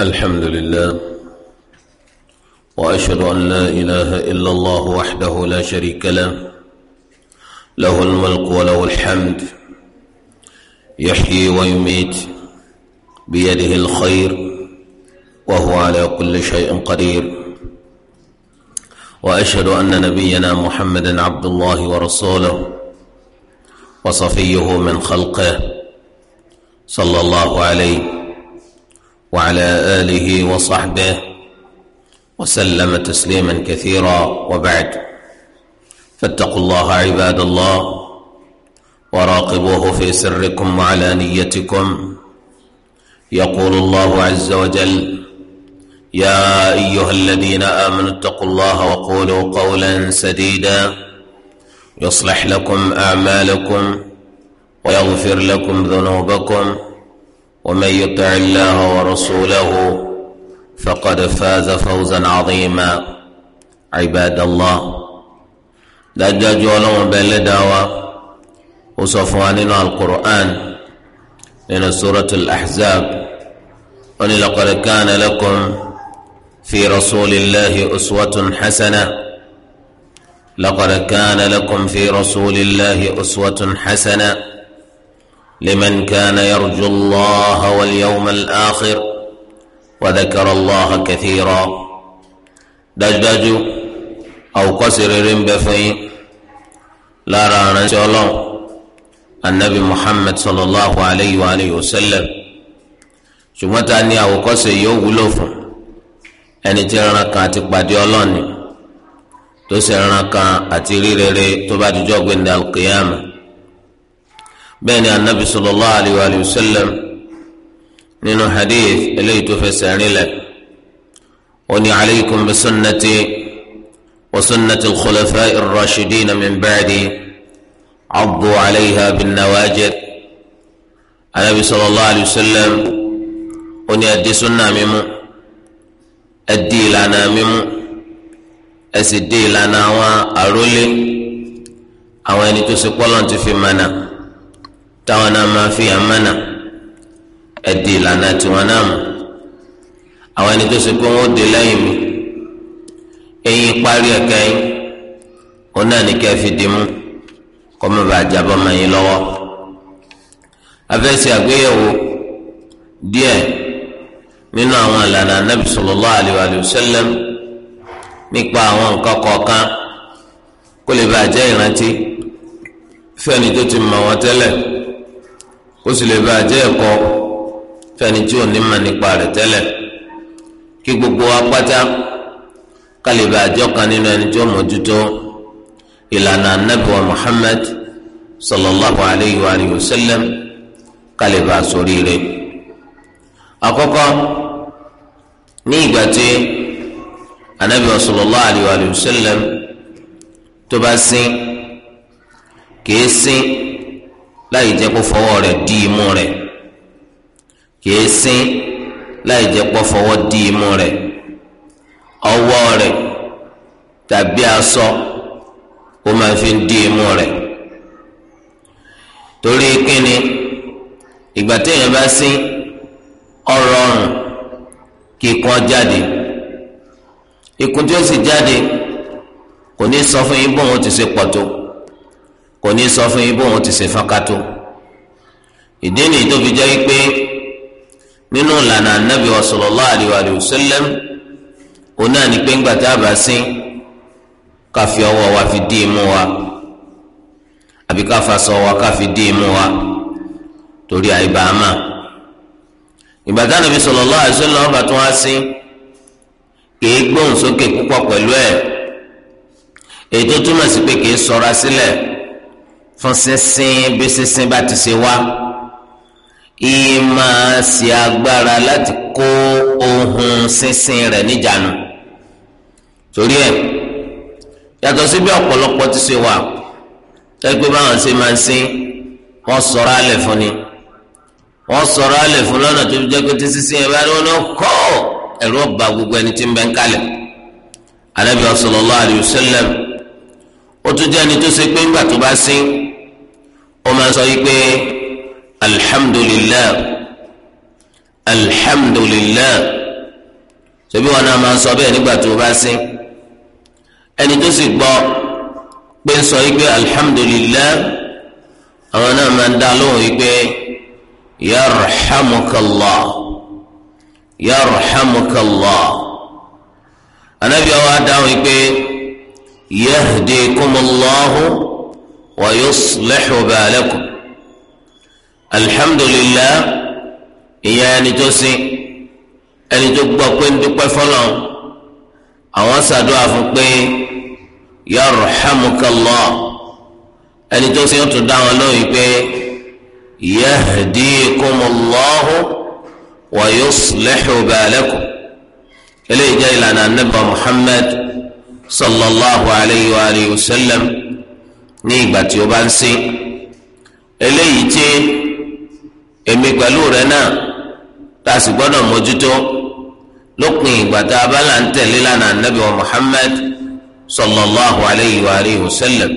الحمد لله وأشهد أن لا إله إلا الله وحده لا شريك له له الملك وله الحمد يحيي ويميت بيده الخير وهو على كل شيء قدير وأشهد أن نبينا محمدا عبد الله ورسوله وصفيه من خلقه صلى الله عليه وعلى آله وصحبه وسلم تسليما كثيرا وبعد فاتقوا الله عباد الله وراقبوه في سركم وعلى نيتكم يقول الله عز وجل يا أيها الذين آمنوا اتقوا الله وقولوا قولا سديدا يصلح لكم أعمالكم ويغفر لكم ذنوبكم ومن يطع الله ورسوله فقد فاز فوزا عظيما عباد الله لا بين ولو بلدوا وصفواننا القرآن من سورة الأحزاب قل لقد كان لكم في رسول الله أسوة حسنة لقد كان لكم في رسول الله أسوة حسنة لمن كان يرجو الله واليوم الآخر وذكر الله كثيرا دجدج أو قصر رمبفين لا رانا الله النبي محمد صلى الله عليه وآله وسلم ṣùgbọ́n ta ni àwòkọ́ṣe yóò wúlò fún ẹni tí ẹran kan àti pàdé ọlọ́ọ̀ni tó sì ẹran kan àti rí rere tó bá dijọ́ gbẹ̀ndà al-qiyamah bẹ́ẹ̀ ni anabi sallallahu alayhi wa sallam nínú hadith eléyìí tó fẹsẹ̀ rinlẹ̀ ó ní alaykum bi sunnati wa sunnati al-khulafa'i ar-rashidin min ba'di addu alayha bin nawajid anabi sallallahu alayhi wa sallam ó ní ẹ̀dí sunna mímú ẹ̀dí ìlànà mímú ẹ̀sì dí ìlànà àwọn àrólé àwọn ẹni tó ṣe pọ́lọ́n ti fi mọ̀nà táwọn náà máa fi àmánà ẹ̀dì ìlànà tiwọn náà mọ̀ àwọn ẹni tó ṣe pé wọ́n dé lẹ́yìn mi eyín parí ẹ̀ka yín òun náà ní kẹ́ fi dì mú kọ́ mọ́ bàa jábọ́ mọ́ yín lọ́wọ́ afẹ́sẹ̀ àgbéyẹ̀wò díẹ̀ nínú àwọn ìlànà anábì sallallahu alaihi wa sallam nípa àwọn nǹkan kọ̀ọ̀kan kó lè bàa jẹ́ ìrántí fẹ́ni tó ti mọ̀ wọ́n tẹ́lẹ̀ kó sì lè bá àjẹ́ ẹ̀kọ́ fẹ́ni tí ò ní mà nípa rẹ̀ tẹ́lẹ̀ kí gbogbo apáta ká lè bá àjọ kan nínú ẹni tí ó mójútó ìlànà anábìwá Muhammad sallallahu alayhi wa sallam ká sórí rẹ̀ àkọ́kọ́ ní ìgbà tí anábìwá sallallahu alayhi wa tó bá sín kìí sín láì jẹ́ kó fọwọ́ rẹ̀ dí imú rẹ̀ kìí sín láì jẹ́ kó fọwọ́ dí imú rẹ̀ ọwọ́ rẹ̀ tàbí aṣọ ó máa fi dí imú rẹ̀ torí kíni ìgbà téèyàn bá sín ọrọ̀ ọrùn jáde ikùn tí ó sì jáde kò ní sọ fún yín bóun ti ṣe pọ̀ tó. kò ní sọ fún yín bóun ti ṣe fákàtó ìdí nìyí tó fi jẹ́ pé nínú ìlànà anábì sallallahu alaihi wa òun náà ní pé ńgbà tá a bá ká fi ọwọ́ wa fi dí imú wa àbí ká fa sọ fi dí imú wa torí àìbáàmà ìgbà tá anábì sallallahu alaihi wa ọba tó wá kìí gbóhùn sókè púpọ̀ pẹ̀lú ẹ̀ èyí tó túmọ̀ sí fún sínsìn bí sínsìn bá ti ṣe wá iye máa ṣe agbára láti kó ohun sínsìn rẹ̀ níjànú torí ẹ̀ yàtọ̀ sí ọ̀pọ̀lọpọ̀ ti ṣe wà tẹ́gbẹ́ báwọn ṣe máa ń sìn wọ́n sọ̀rọ̀ alẹ̀ fún ni wọ́n sọ̀rọ̀ alẹ̀ fún lọ́nà tó fi jẹ́ pé tí sísìn ẹ̀ bá rí wọn náà kọ́ ẹ̀rọ ba gbogbo ẹni tí ń bẹ ń kalẹ̀ Ànábì sallallahu alayhi wa sallam ó tún jẹ́ ẹni tó ṣe pé ńgbà tó bá sìn ó máa ń sọ yìí pé alhamdulilayi alhamdulilayi ṣebí wọn náà máa ń sọ bẹ́ẹ̀ nígbà tó o bá sí ẹni tó sì gbọ́ pé ń sọ yìí pé alhamdulilayi àwọn náà máa ń dá lóhùn yìí pé yarhamukallah yarhamukallah anabi ọwọ adáhùn yìí pé yahdi ويصلح بالكم الحمد لله يا ẹni tó sin ẹni tó gbọ́ pé ń dúpẹ́ fọlọ́ àwọn ṣàdúrà fún pé yarhamukallah ẹni tó sin ó tún dá wọn lóyún pé yahdikumullahu wa yuslihu balakum eléyìí jẹ́ ìlànà anabi muhammad sallallahu alayhi wa sallam ní ìgbà tí o bá ń sìn eléyìí tí èmi pẹ̀lú rẹ náà tá a sì gbọ́dọ̀ mójútó lópin ìgbà tá a bá là ń tẹ̀lé lánàá Ànábì wa Muhammad sallallahu alayhi wa alihi wa sallam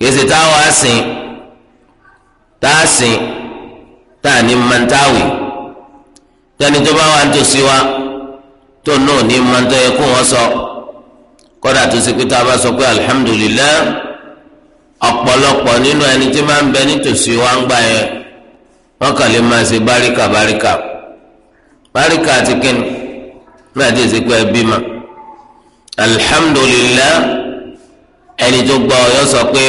yẹsẹ tá a wá sìn tá a sìn tá a ní mọ̀ntáwì tẹ́ni tó bá wà ń tòsí wa tó náà ní mọ̀ntọ́ kó wọ́n sọ kọ́dà tó ṣe pé tá a bá sọ pé alihamudulilayi ọ̀pọ̀lọpọ̀ nínú ẹni tí máa ń bẹ nítòsí wa ń gbà yẹn wọ́n kàn lè máa ṣe báríkà báríkà báríkà àti kíni náà ti ṣe pé ẹbí ma alhamdulilayi ẹni tó gbọ́ ọ sọ pé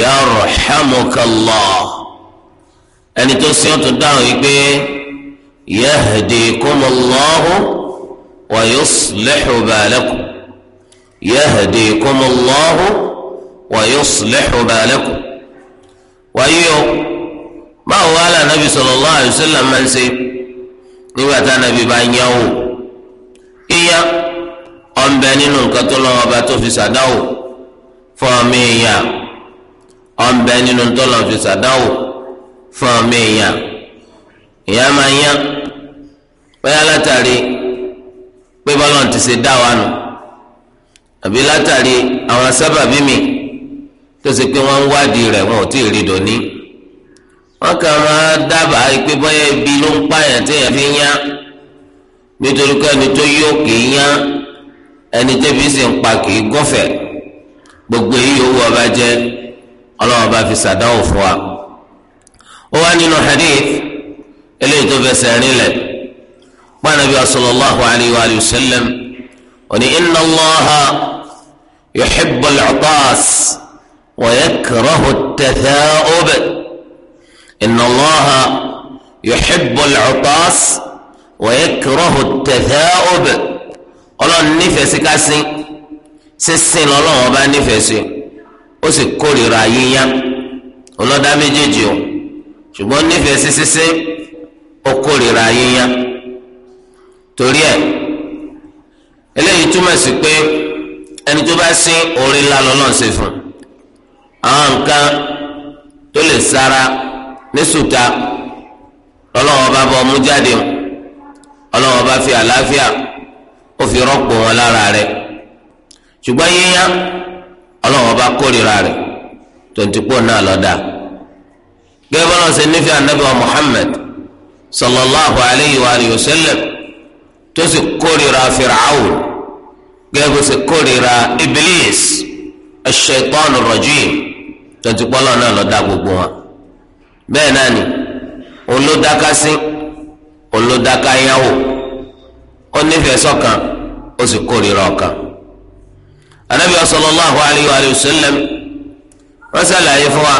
yarhamukallah ẹni tó sí ọtún dáhùn yìí pé yahdikumullahu wa yuslihu balakum yahdikumullahu. ويصلح بالكم ويو ما هو على النبي صلى الله عليه وسلم من سي نبات نبي بان يو إيا أم بنين كتلا وباتو في سداو فاميا أم بنين تلا في سداو فاميا يا مايا يا bóyá látàrí pé bọ́lá ti ṣe dá wa nù àbí látàrí tó ṣe pé wọ́n ń wádìí rẹ̀ wọn ò tí ì rí dòní wọ́n kàn máa dábàá pé bóyá ibi ló ń pààyàn téèyàn fi yá nítorí pé ẹni tó yó kì í yá ẹni tẹ́bi sì ń pa kì í gọ́fẹ̀ gbogbo èyí owó ọba jẹ́ ọlọ́wọ́n bá fi sàdáwò fún wa ó wá nínú hadith eléyìí tó fẹsẹ̀ rinlẹ̀ pàànàbí sallallahu alayhi wa sallam òní inna Allaha yuhibbul 'atas. ويكره التثاؤب إن الله يحب العطاس ويكره التثاؤب ọlọ́run nífẹ̀ẹ́ sí ká sín sísìn lọ́lọ́run ọba nífẹ̀ẹ́ sí ó sì kórìíra yíyán ọlọ́dá méjèèjì o ṣùgbọ́n nífẹ̀ẹ́ sí sísìn ó kórìíra yíyán torí ẹ̀ eléyìí túmọ̀ sí pé ẹni tó bá sín orí ńlá lọ́lọ́run ṣe fún un àwọn nǹkan tó lè sára ní sùta lọ́lọ́wọ́ bá bọ́ ọmú jáde ọlọ́wọ́ bá fi àlàáfíà ó fi rọ́pò wọn lára rẹ̀ ṣùgbọ́n yíyá ọlọ́wọ́ bá kórìíra rẹ̀ tontigbo náà lọ́dà gẹ́gẹ́ bọ́lá ṣe nífẹ̀ẹ́ anabi wa sallallahu alayhi wa alihi wa sallam tó sì kórìíra Fir'aun gẹ́gẹ́ bó ṣe kórìíra Iblis ash-shaytan ar tonti pọlọ náà ló gbogbo wọn bẹ́ẹ̀ náà ni olódaka sí ó nífẹ̀ẹ́ sọ́kan ó sì kórìíra ọ̀kan anabi sallallahu alayhi wa sallam wọ́n ṣàlàyé fún wa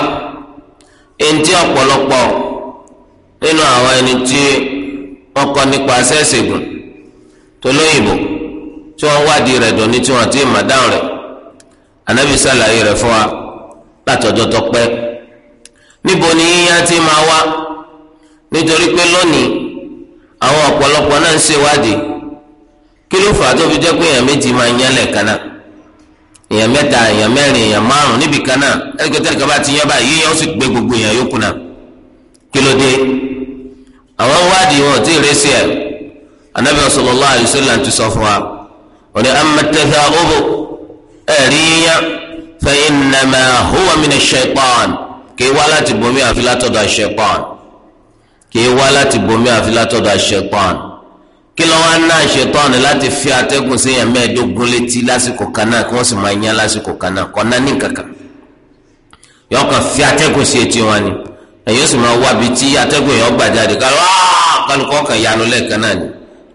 eŋti ọ̀pọ̀lọpọ̀ nínú àwọn ẹni tí wọ́n kọ́ nípa sẹ́ẹ̀sìgùn tó tí wọ́n wádìí rẹ̀ dùn ní tí wọ́n ti dáhùn anabi rẹ̀ fún wa. látọjọ́ tó pẹ́ níbo ni yíyá ti máa wá nítorí pé lónìí àwọn ọ̀pọ̀lọpọ̀ náà ń ṣèwádìí kí ló fà á tó fi jẹ́ pé èèyàn méjì máa ń yánlẹ̀ èèyàn mẹ́ta èèyàn mẹ́rin èèyàn márùn níbi bá ti yán báyìí yíyan ó sì gbé gbogbo èèyàn yókù náà kí ló dé àwọn wádìí wọn sọ fún wa fa innama huwa min ash-shaytan kì í wá láti bomi àfi látọ̀dọ̀ ash-shaytan kì í wá láti bomi àfi látọ̀dọ̀ ash-shaytan kí ló wá ná ash láti fi atẹ́gùn sí èèyàn mẹ́ẹ̀ẹ́dógún létí lásìkò kan náà kí wọ́n sì máa yán lásìkò kan náà kọ́ ní kankan yọ̀ọ́ kan fi atẹ́gùn sí etí wọn ni ẹ̀yin sì máa wábi tí atẹ́gùn èèyàn gbà jáde ká lọ́ọ́ kálukọ́ kan yanu lẹ́ẹ̀kan náà ni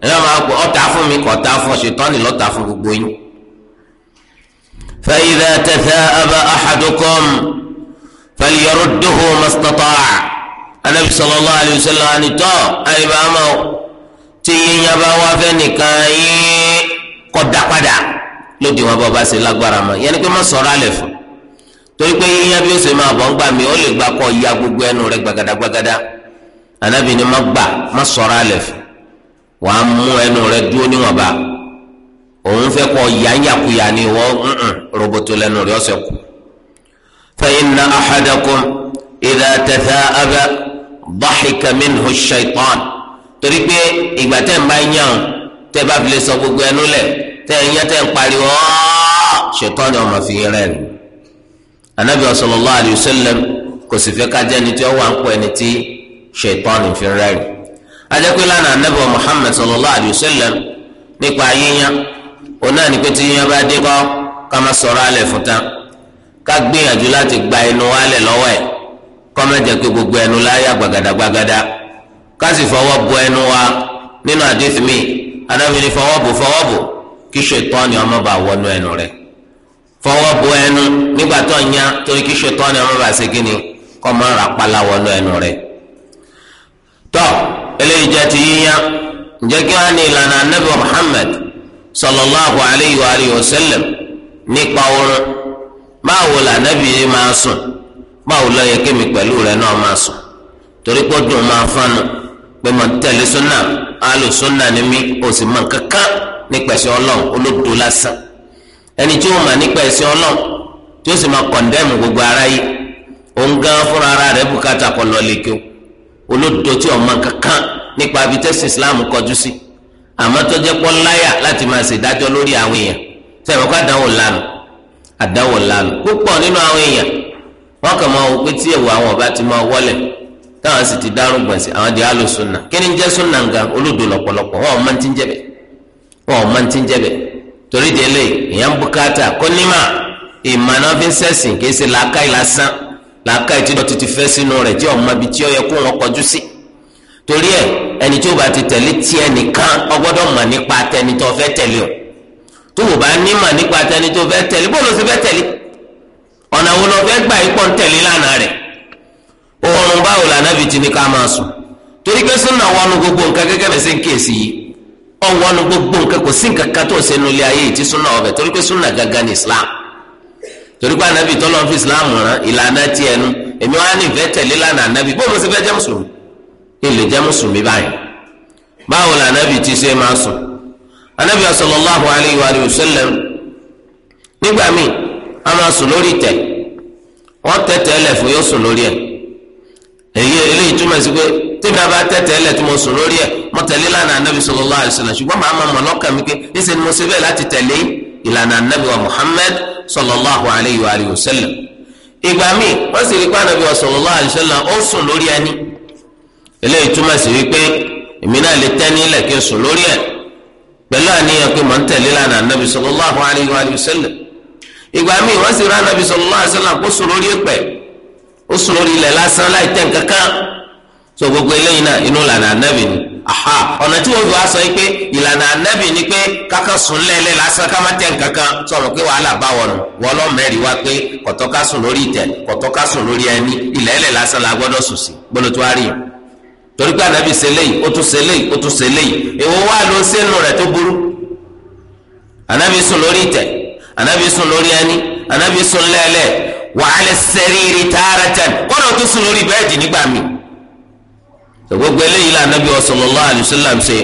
ẹ̀yin máa gbọ́ ọ̀tá فإذا تثاءب أحدكم فليرده ما استطاع النبي صلى الله عليه وسلم أن تو أي بامو تيين يبا وفنكاي قد قد lódì wọn bọ bá ṣe lágbára mọ yẹn ni pé má sọ̀rọ̀ alẹ fún torí pé yíyan bí ó ṣe máa bọ̀ ń gbà mí ó lè gbà kọ ya gbogbo ẹnu rẹ̀ gbàgàdà gbàgàdà ànábì ni má gbà má sọ̀rọ̀ alẹ fún wàá mú ẹnu rẹ̀ dúró níwọ̀nba òun fẹ́ kọ́ yányàkuyà ni wọ́n roboto lẹ́nu rẹ̀ ọ̀sẹ̀ kù. ahadakum idha tatha'aba dhahika minhu shaitan torí pé ìgbà tẹ́ ń bá yàn tẹ́ bá fi sọ gbogbo ẹnu lẹ̀ tẹ́ ń tẹ́ fi rẹ̀ ni. anabi sallallahu alayhi kò sì fẹ́ ká tí ó wà ń pọ̀ ẹni tí fi rẹ̀ ni. òun náà ní pé tí yíyan bá dé kọ́ ká má sọ̀rọ̀ alẹ̀ fún tán ká gbìyànjú láti gba ẹnu alẹ̀ lọ́wọ́ ẹ̀ kọ́ má pé gbogbo ẹnu láyà gbàgàdàgbàgàdà ká sì fọwọ́ ẹnu wa nínú àdéhùn mi anábì ní fọwọ́ bò fọwọ́ bò kí ṣètánì ọmọ bá wọnú ẹnu fọwọ́ ẹnu nígbà tó ń torí kí ọmọ bá ṣe kí ni kọ́ ra wọnú ẹnu tọ́ eléyìí jẹ́ sallallahu alayhi wa alihi wa sallam nípa oorun báwo la nàbì yìí máa sùn báwo ló yẹ kémi pẹ̀lú rẹ̀ náà máa sùn torí pé dùn máa fánu pé mo tẹ̀lé súnà alu súnà ni mí o sì mọ kankan nípa ẹ̀sìn ọlọ́run olódò lásán ẹni tí ó mà nípa ẹ̀sìn ọlọ́run tí ó sì máa kọ̀ndẹ́mù gbogbo ara yìí òun gan fúnra ara rẹ̀ bùkátà kọ̀ lọ́ọ́ o olódò tí ò mọ kankan nípa abitẹ́sì islam kọjú sí. Si àmọ́ tó jẹ́ pọ́ láyà láti máa ṣèdájọ́ lórí àwọn èèyàn sẹ́wọ̀n kó àdánwò lánàá àdánwò lánàá púpọ̀ nínú àwọn èèyàn wọ́n kàn máa wò pé tí èèwọ̀ àwọn ọba ti máa wọlé táwọn sì ti dárò gbọ̀n àwọn di alùsùnà kí ni ń jẹ́ sùnà nǹkan olódò lọ́pọ̀lọpọ̀ wọn ò máa ti ń jẹ́bẹ̀ wọn ò máa ti ń jẹ́bẹ̀ torí délé èèyàn bùkátà kó nímà ìmọ̀nà fi ń sẹ̀sìn kì í ṣe làákàyè lásán làákàyè tí wọ́n ti fẹ́ sínú rẹ̀ tí ọ̀ torí ẹ ẹni tí o bá ti tẹ̀lé tiẹ̀ nìkan ọ mọ̀ nípa tẹni tó fẹ́ tẹ̀lé o tó o bá ní mọ̀ nípa tẹni tó fẹ́ tẹ̀lé bó fẹ́ tẹ̀lé ọ̀nà wo lọ fẹ́ gbà yí pọ̀ ń tẹ̀lé lánàá rẹ̀ oorun báwo lànà fi ti ní ká máa sùn gbogbo nǹkan gẹ́gẹ́ bẹ̀ gbogbo nǹkan kò sí nǹkan kan tó ṣe ayé súnà Islam torí pé tọ́lọ́ Islam rán ìlànà tiẹ̀ nu èmi wá ní ìfẹ́ tẹ̀lé lánàá bó ilé jẹ́ mùsùlùmí báyìí báwo la anabi ti ṣe máa sùn anabi sallallahu alayhi wa sallam nígbà míì a máa sùn lórí tẹ wọn tẹtẹ ẹlẹ fún yóò sùn lórí ẹ èyí eléyìí túmọ̀ sí pé tẹ́bi abá tẹ̀tẹ̀ ẹlẹ̀ tí mo sùn lórí ẹ̀ mo tẹ̀lé ìlànà anabi sallallahu alaihi wasallam ṣùgbọ́n màá ma mọ̀ lọ́kàn mi pé níṣẹ́ ni mo ṣe bẹ́ẹ̀ láti tẹ̀lé ìlànà anabi wa muhammad sallallahu alaihi wa alihi wasallam. ìgbà míì wọ́n sì rí pé anabi wa sallallahu alaihi wasallam ó sùn lórí ẹni eléyìí túmọ̀ sí wípé èmi náà lè tẹ́ni ilẹ̀ kí n sùn lórí ẹ̀ pẹ̀lú àníyàn pé mò ń tẹ̀lé lánà nàbì sallallahu alayhi wa sallam ìgbà míì wọ́n sì rán nàbì sallallahu alayhi wa sallam kó sùn lórí ẹ̀pẹ̀ ó sùn lórí ilẹ̀ lásán láì tẹ̀ kankan so gbogbo eléyìí náà inú lànà ànábì ni aha ọ̀nà tí wọ́n fi wá sọ yìí pé ìlànà ànábì ni pé kákan sùn lẹ́lẹ́ lásán ká má tẹ̀ kankan sọ̀rọ̀ pé wàhálà bá wọnù wọ́n lọ mẹ́rin wá pé kọ̀tọ́ ká sùn lórí ìtẹ̀ kọ̀tọ́ ká sùn lórí ẹni ilẹ̀ lásán la gbọ́dọ̀ sùn sí gbọ́dọ̀ tó wá rí yẹn torí pé anabi sẹlẹyìn ó tún sẹlẹyìn ó tún sẹlẹyìn èwo wá ló sẹnu rẹ tó burú anabi sùn lórí ìtẹ́ anabi sùn lórí ẹni anabi sùn lẹẹlẹ wàhálẹ sẹríri tààràtàn kọ́nà tó sùn lórí bẹ́ẹ̀dì nígbà mi. gbogbo eléyìí la anabi sallallahu alaihi wasallam ṣe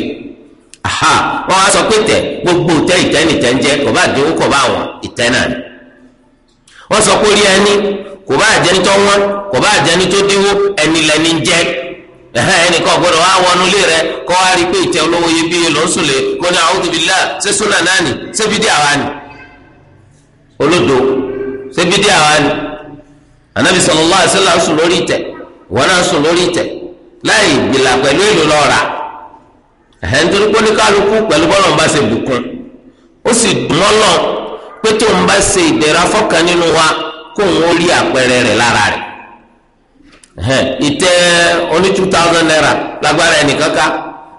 aha wọn wá sọ pé tẹ gbogbo tẹ ìtẹ́ nìtẹ́ ń jẹ kò bá dín kò bá wọn ìtẹ́ náà ni wọn sọ pé orí ẹni kò bá jẹni tó wọn kò bá jẹni tó dínwó ẹni lẹni ń jẹ ẹnìkan gbọ́dọ̀ wá wọnú ilé rẹ kọ wá rí i pé ìtẹ olówó yẹ bí ló ń sùn lé kó ní àwọn òbí là ṣé súnà náà nì ṣé bídí àwa nì olódo ṣé bídí àwa nì anabi sallallahu alaihi sùn lórí ìtẹ wọn náà sùn lórí ìtẹ láì gbìlà pẹ̀lú èlò lọra ẹhẹ nítorí pé oníkálukú pẹ̀lú bọlọ ń bá ṣe bùkún ó sì dùn ọlọ pé tó ń bá ṣe ìdẹ̀ra fọkàn nínú wa kó ń rí àpẹẹrẹ rẹ lára rẹ ìtẹ́ oní two thousand naira lágbára ẹnìkan ká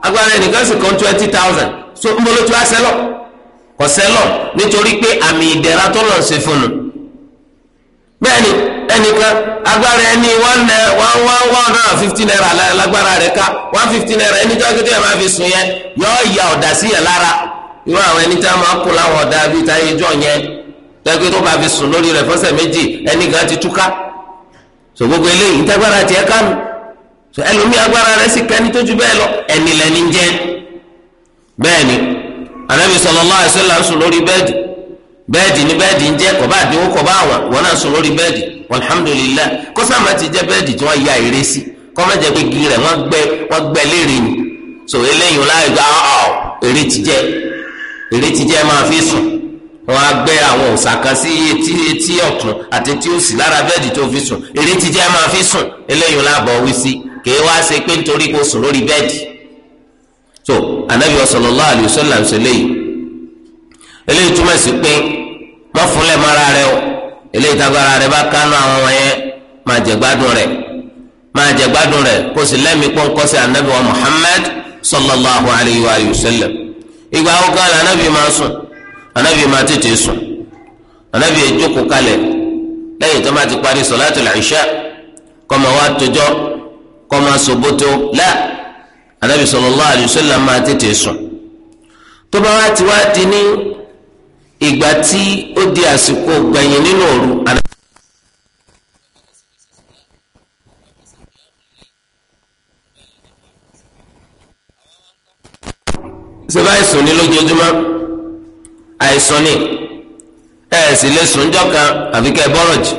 agbára ẹnìkan sì kan twenty thousand so ń bolo tí wàá sẹ́lọ̀ kò sẹ́lọ̀ nítorí pé àmì ìdẹ̀ra tó lọ́n ṣe fún un bẹ́ẹ̀ni ẹnìkan agbára ẹni one one one one hundred and fifty naira lágbára rẹ̀ ká one fifty naira ẹni tí wọ́n kéde máa fi sùn yẹn yọ̀ọ́ ya ọ̀dà sí yẹn lára irú àwọn ẹni tí wọ́n máa kó láwọn ọ̀dà bíi táyé jọ̀ yẹn tẹ́gbẹ́ tó bá fi sùn lórí rẹ̀ fọ́sẹ̀ méjì ẹnìkan ti túká so gbogbo eléyìí ìtagbára tiẹ̀ kánú so ẹlòmíì agbára rẹ̀ sì kání tó ju bẹ́ẹ̀ lọ ẹni lẹni ń jẹ bẹ́ẹ̀ ni anabi sallallahu alaihi wasallam sùn lórí bẹ́ẹ̀dì bẹ́ẹ̀dì ni bẹ́ẹ̀dì ń jẹ kọba àdínwó kọba àwọn wọn náà sùn lórí bẹ́ẹ̀dì alhamdulilayi kó sáàmà ti jẹ bẹ́ẹ̀dì tí wọn ya ère sí kọmọjẹ pé gí rẹ̀ wọn gbẹ́ wọn gbẹ́ léèrè ni so eléyìí wọn láì gba ọ èrè ti jẹ èrè ti jẹ máa fi sùn wọn á gbé àwọn òòsà kan sí etí etí ọ̀tún àti etí òsì lára bẹ́ẹ̀dì tó fi sùn èrè ti jẹ́ máa fi sùn eléyìí láàbọ̀ wí sí kèé wá ṣe pé nítorí kó sùn lórí bẹ́ẹ̀dì. so anabi sallallahu alaihi wasallam ń sọlẹ̀ yìí eléyìí túmọ̀ sí pé wọ́n fúnlẹ̀ mọ́ra rẹ o eléyìí tagbara rẹ bá kánú àwọn wọn yẹn máa jẹ gbádùn rẹ máa jẹ gbádùn rẹ kó sì lẹ́mìí pọ́ńkọ́sí anabi wa Muhammad sallallahu anabi máa tètè sùn anabi ìjókòó kalẹ̀ lẹ́yìn tó máa ti parí sọ̀láàtì làìṣá kọ́ máa wá tójọ́ kọ́ máa sòbótó lẹ́ anabi sallallahu alaihi wasallam máa tètè sùn tó bá wá ti wá di ní ìgbà tí ó di àsìkò gbẹ̀yìn nínú òru anabi. sèbáyé lójoojúmọ́ àìsàn ni ẹ sì lè sùn jọ kan àfi kẹ bọ́rọ̀ jì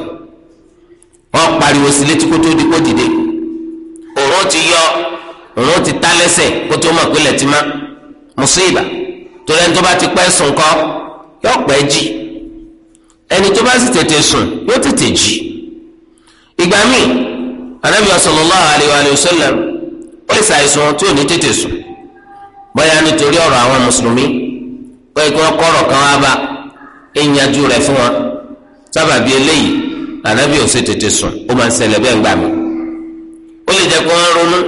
wọ́n pariwo sí létí kó tó di kó dìde òórùn ti yọ òórùn ti ta lẹ́sẹ̀ kó tó mọ̀ pé lẹ́tí má mùsíbà torí ẹni tó bá ti pẹ́ sùn kọ́ yọ pẹ́ jì ẹni tó bá sì tètè sùn yóò tètè jì ìgbà míì anabi sallallahu alayhi wa sallam ó lè ṣàìsàn tí ò ní tètè sùn bóyá nítorí ọ̀rọ̀ àwọn mùsùlùmí. wọ́n kí wọ́n kọ́rọ̀ kan wá bá ẹ̀yìnjú rẹ̀ fún wọn sábàbí eléyìí ànábì ò tètè sùn ó máa ń ṣẹlẹ̀ bẹ́ẹ̀ gbà mí. ó lè jẹ́ kó wọ́n ronú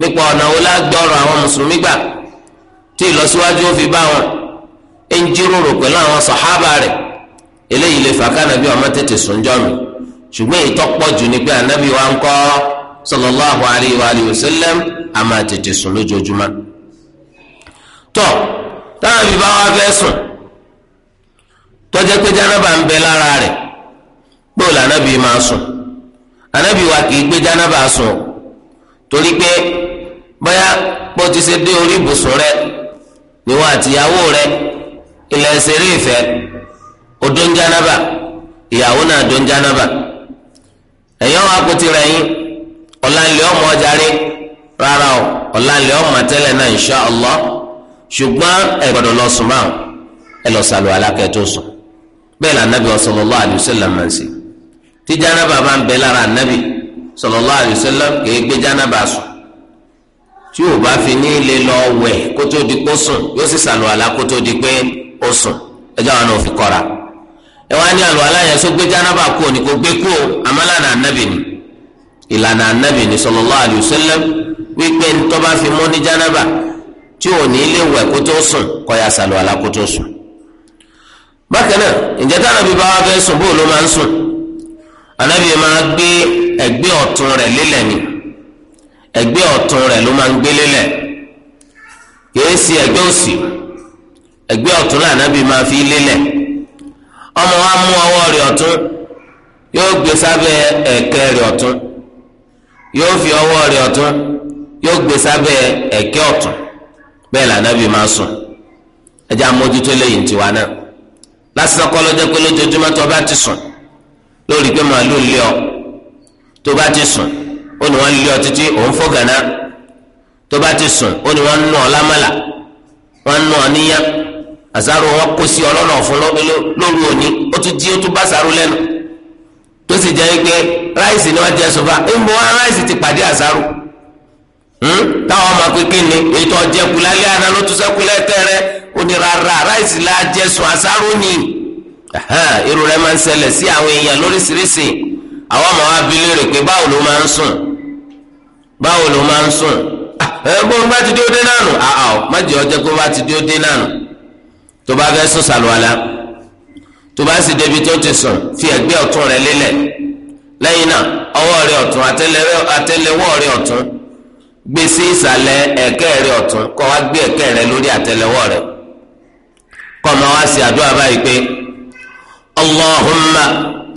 nípa ọ̀nà wo lágbọ́ àwọn mùsùlùmí gbà tí ìlọsíwájú ó fi bá wọn ń jíròrò pẹ̀lú àwọn sàhábà rẹ̀ eléyìí lè fà kánàbí ọmọ tètè sùn jọ mi wa sallam àmà tètè sùn lójoojúmọ́. tọ́ táwọn bawa wa fẹ́ sùn tọ́jẹ́ pé jánábà ń bẹ lára rẹ̀ gbọ́dọ̀ ànábì máa sùn wa kì í gbé jánábà sùn torí pé bóyá bó ṣe dé orí ibùsùn rẹ̀ níwọ àtìyàwó rẹ̀ ilẹ̀ ìṣeré ìfẹ́ odó ń ìyàwó náà dó ń jánábà wa kò ti rẹ̀ yín ọmọ ọjà rí o ọmọ náà ṣùgbọ́n ẹ gbọ́dọ̀ lọ sùn máa ẹ lọ sàlù alákẹ́ tó sùn bẹ́ẹ̀ ni anabi sallallahu alayhi wa sallam máa ń ṣe tí jánábà bá ń bẹ lára anabi sallallahu alayhi wa sallam kìí gbé jánábà sùn tí o bá fi ní ilé lọ wẹ̀ kó tó di pé ó sùn yóò sì sàlù alá kó tó di pé ó sùn ẹjọ́ àwọn náà fi kọ́ra ẹ wá ní àlọ́ aláyẹn sọ gbé jánábà kú ni kò gbé kú amálànà anabi ni ìlànà anabi ni sallallahu alayhi wípé ntọ́ bá fi mọ́ ní jánábà tí ò ní lè wẹ̀ kó tó sùn kó ya sàlùwàlá kó tó sùn. bákan náà ǹjẹ́ táwọn ibi bá wá fẹ́ sùn bóòlù máa ń sùn máa gbé ẹ̀gbẹ́ ọ̀tún rẹ̀ lélẹ̀ ni ẹ̀gbẹ́ ọ̀tún rẹ̀ ló máa ń gbé lélẹ̀ kìí òsì ọ̀tún fi lélẹ̀ ọmọ wa mú ọwọ́ rẹ̀ ọ̀tún yóò gbé sábẹ́ ẹ̀kẹ́ fi ọwọ́ rẹ̀ ọ̀tún yóò gbé sábẹ́ ẹ̀kẹ́ bẹ́ẹ̀ lànàbì máa sùn ẹjẹ́ amójútó lẹ́yìn tiwa náà lásán kọ́ lọ́jọ́ pé lójoojúmọ́ tó bá ti sùn lórí pé màálù lé ọ tó bá ti sùn ó ní wọ́n lé ọ títí òun fọ́ tó ti sùn ó ní wọ́n nù ọ lámàlà wọ́n nù ọ níyà àsáró wọn kó sí ọlọ́nà ọ̀fun òní ó ó tún bá Hmm? táwọn ọmọ kékeré ni ètò ọ̀jẹ̀kù lálẹ́ àná ló tún sẹ́kù lẹ́tẹ̀rẹ́ ó ráìsì la jẹ sùn àsáró irú rẹ máa ń ṣẹlẹ̀ sí àwọn èèyàn lóríṣiríṣi àwọn ọmọ wa bi léèrè pé báwo ló máa ń sùn báwo ló máa ń sùn ah, ẹ bá ti nánu ah, ah, ọjẹ bá ti nánu tó bá fẹ́ sùn sàlùwàlà tó bá sì débi tó ti sùn fi ọ̀tún lélẹ̀ lẹ́yìn gbé sí ìsàlẹ̀ ẹ̀kẹ́ rẹ ọ̀tún kó wá gbé ẹ̀kẹ́ rẹ lórí àtẹlẹwọ́ rẹ kó máa wá sí àdúrà báyìí pé allahumma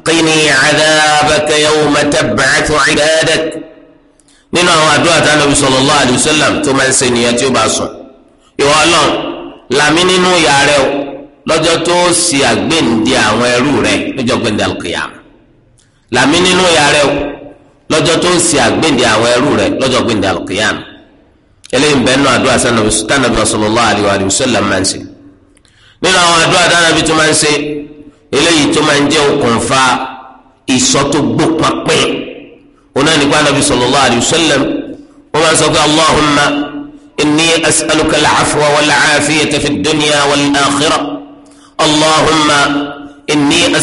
qini adhabaka yawma tab'athu ibadak nínú àwọn àdúrà tí Ànábì sallallahu alayhi tó máa ń ṣe nìyẹn tí ó bá sùn ìwọ Ọlọ́run làmí nínú ìyà rẹ o lọ́jọ́ tó ṣe àgbéǹde àwọn ẹrú rẹ lọ́jọ́ gbẹ̀ǹdà al làmí nínú ìyà rẹ o. lọ́jọ́ tó ń ṣe àgbéǹde àwọn ẹrú rẹ̀ lọ́jọ́ gbéǹde alqiyam eléyìí ń bẹ nínú àdúrà sanabi sanabi sallallahu alayhi wa sallam máa ń ṣe nínú àwọn àdúrà sanabi tó máa ń ṣe eléyìí tó máa ń jẹ́ okùnfà ìsọ tó gbópa pé oná nípa anabi sallallahu alayhi wa sallam wọ́n máa ń sọ pé allahumma inni as'aluka al-afwa wal-afiyata fi dunya wal-akhirah ẹni inni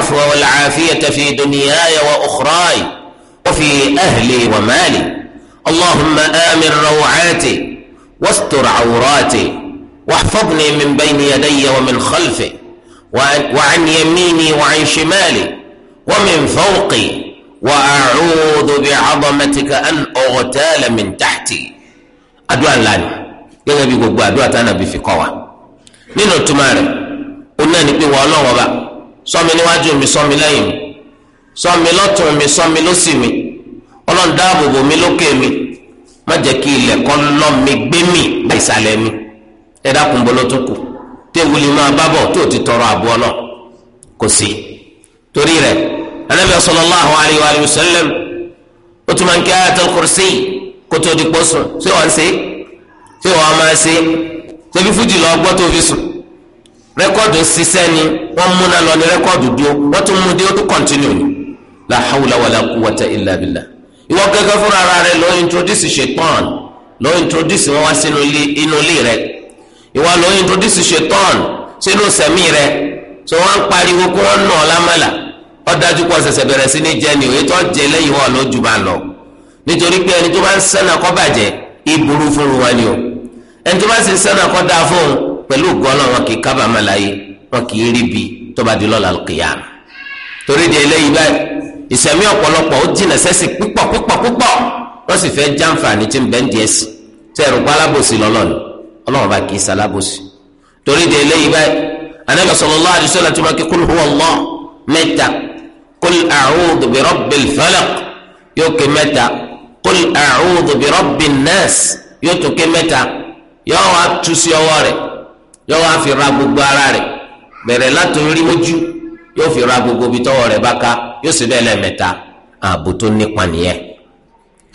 afọ wàlẹ̀ àfi ẹ̀ tẹ̀fẹ̀ dúníà yẹ wa ukhraaya. وفي أهلي ومالي اللهم آمن روعاتي واستر عوراتي واحفظني من بين يدي ومن خلفي وعن يميني وعن شمالي ومن فوقي وأعوذ بعظمتك أن أغتال من تحتي أدعو الله. لاني gẹ́gẹ́ bí gbogbo àdúrà tá nàbí fi kọ́ wa nínú ìtumọ̀ rẹ̀ ó náà ní pé wọ́n ọlọ́wọ́ bá ṣọ́ níwájú mi ṣọ́ mi mi ṣọ́ mi mi ṣọ́ mi mi ọlọ́run dáàbò bò mí lókè mi má jẹ́ kí ilẹ̀ kọ́ lọ́ mi gbé mi bá ìsàlẹ̀ mi ẹ dákun bọ́lọ́ tó kù tẹ́wùlì máa bá bọ̀ tó ti tọrọ àbọ̀ náà kò sí torí rẹ̀ anabi sallallahu alayhi wa sallam ó tún máa ń kí ayatul kursi kó tó di pọ́sùn ṣé wọ́n ṣe ṣé wọ́n máa ṣe tẹ́bí fújì lọ gbọ́ tó fi sùn rẹ́kọ́ọ̀dù ṣiṣẹ́ ni wọ́n múná lọ ní rẹ́kọ́ọ̀dù dúró wọ́n tún mú dé ó tún kọ́ntínú ni la hawla wala illa billah ìwọ gẹ́gẹ́ fúnra ara rẹ ló introduce ṣetán ló introduce wọn wá sínú inú ilé rẹ ìwọ ló introduce ṣetán sínú sẹmí rẹ tó wọn ń pariwo kó wọn nà ọ lámàlà ó dájú pọ ṣẹ̀ṣẹ̀ bẹ̀rẹ̀ sí ní jẹni òye tó jẹ lẹ́yìn wọn ló jù bá nítorí pé ẹni tó bá ń sẹ́nà kọ́ bàjẹ́ ìburú fún wọn ni o ẹni tó bá sì ń sẹ́nà kọ́ dáa fún un pẹ̀lú gọ́nà wọn kì í kábàámà láyé wọn kì í rí bi tó bá di lọ́la kìyàmù torí di eléyìí báyìí ìsẹ̀mí ọ̀pọ̀lọpọ̀ ó jìnà sẹ́sìn púpọ̀ púpọ̀ púpọ̀ wọ́n sì fẹ́ jàǹfààní tí ń bẹ́ ń di ẹ̀sìn tẹ́ ẹ̀rù pa alábòsí lọ́lọ́ni ọlọ́run bá kì í sa alábòsí. torí de eléyìí báyìí anábì sallallahu alaihi wasallam tó bá kí kul huwa Allah mẹ́ta kul a'udhu bi rabbil falaq yóò ké mẹ́ta kul a'udhu bi bẹ̀rẹ̀ látòrí mójú yóò fi ra gbogbo ibi tọ́wọ́ rẹ̀ bá ká yóò sì bẹ́ẹ̀ lẹ́ẹ̀mẹ́ta ààbò tó nípa nìyẹn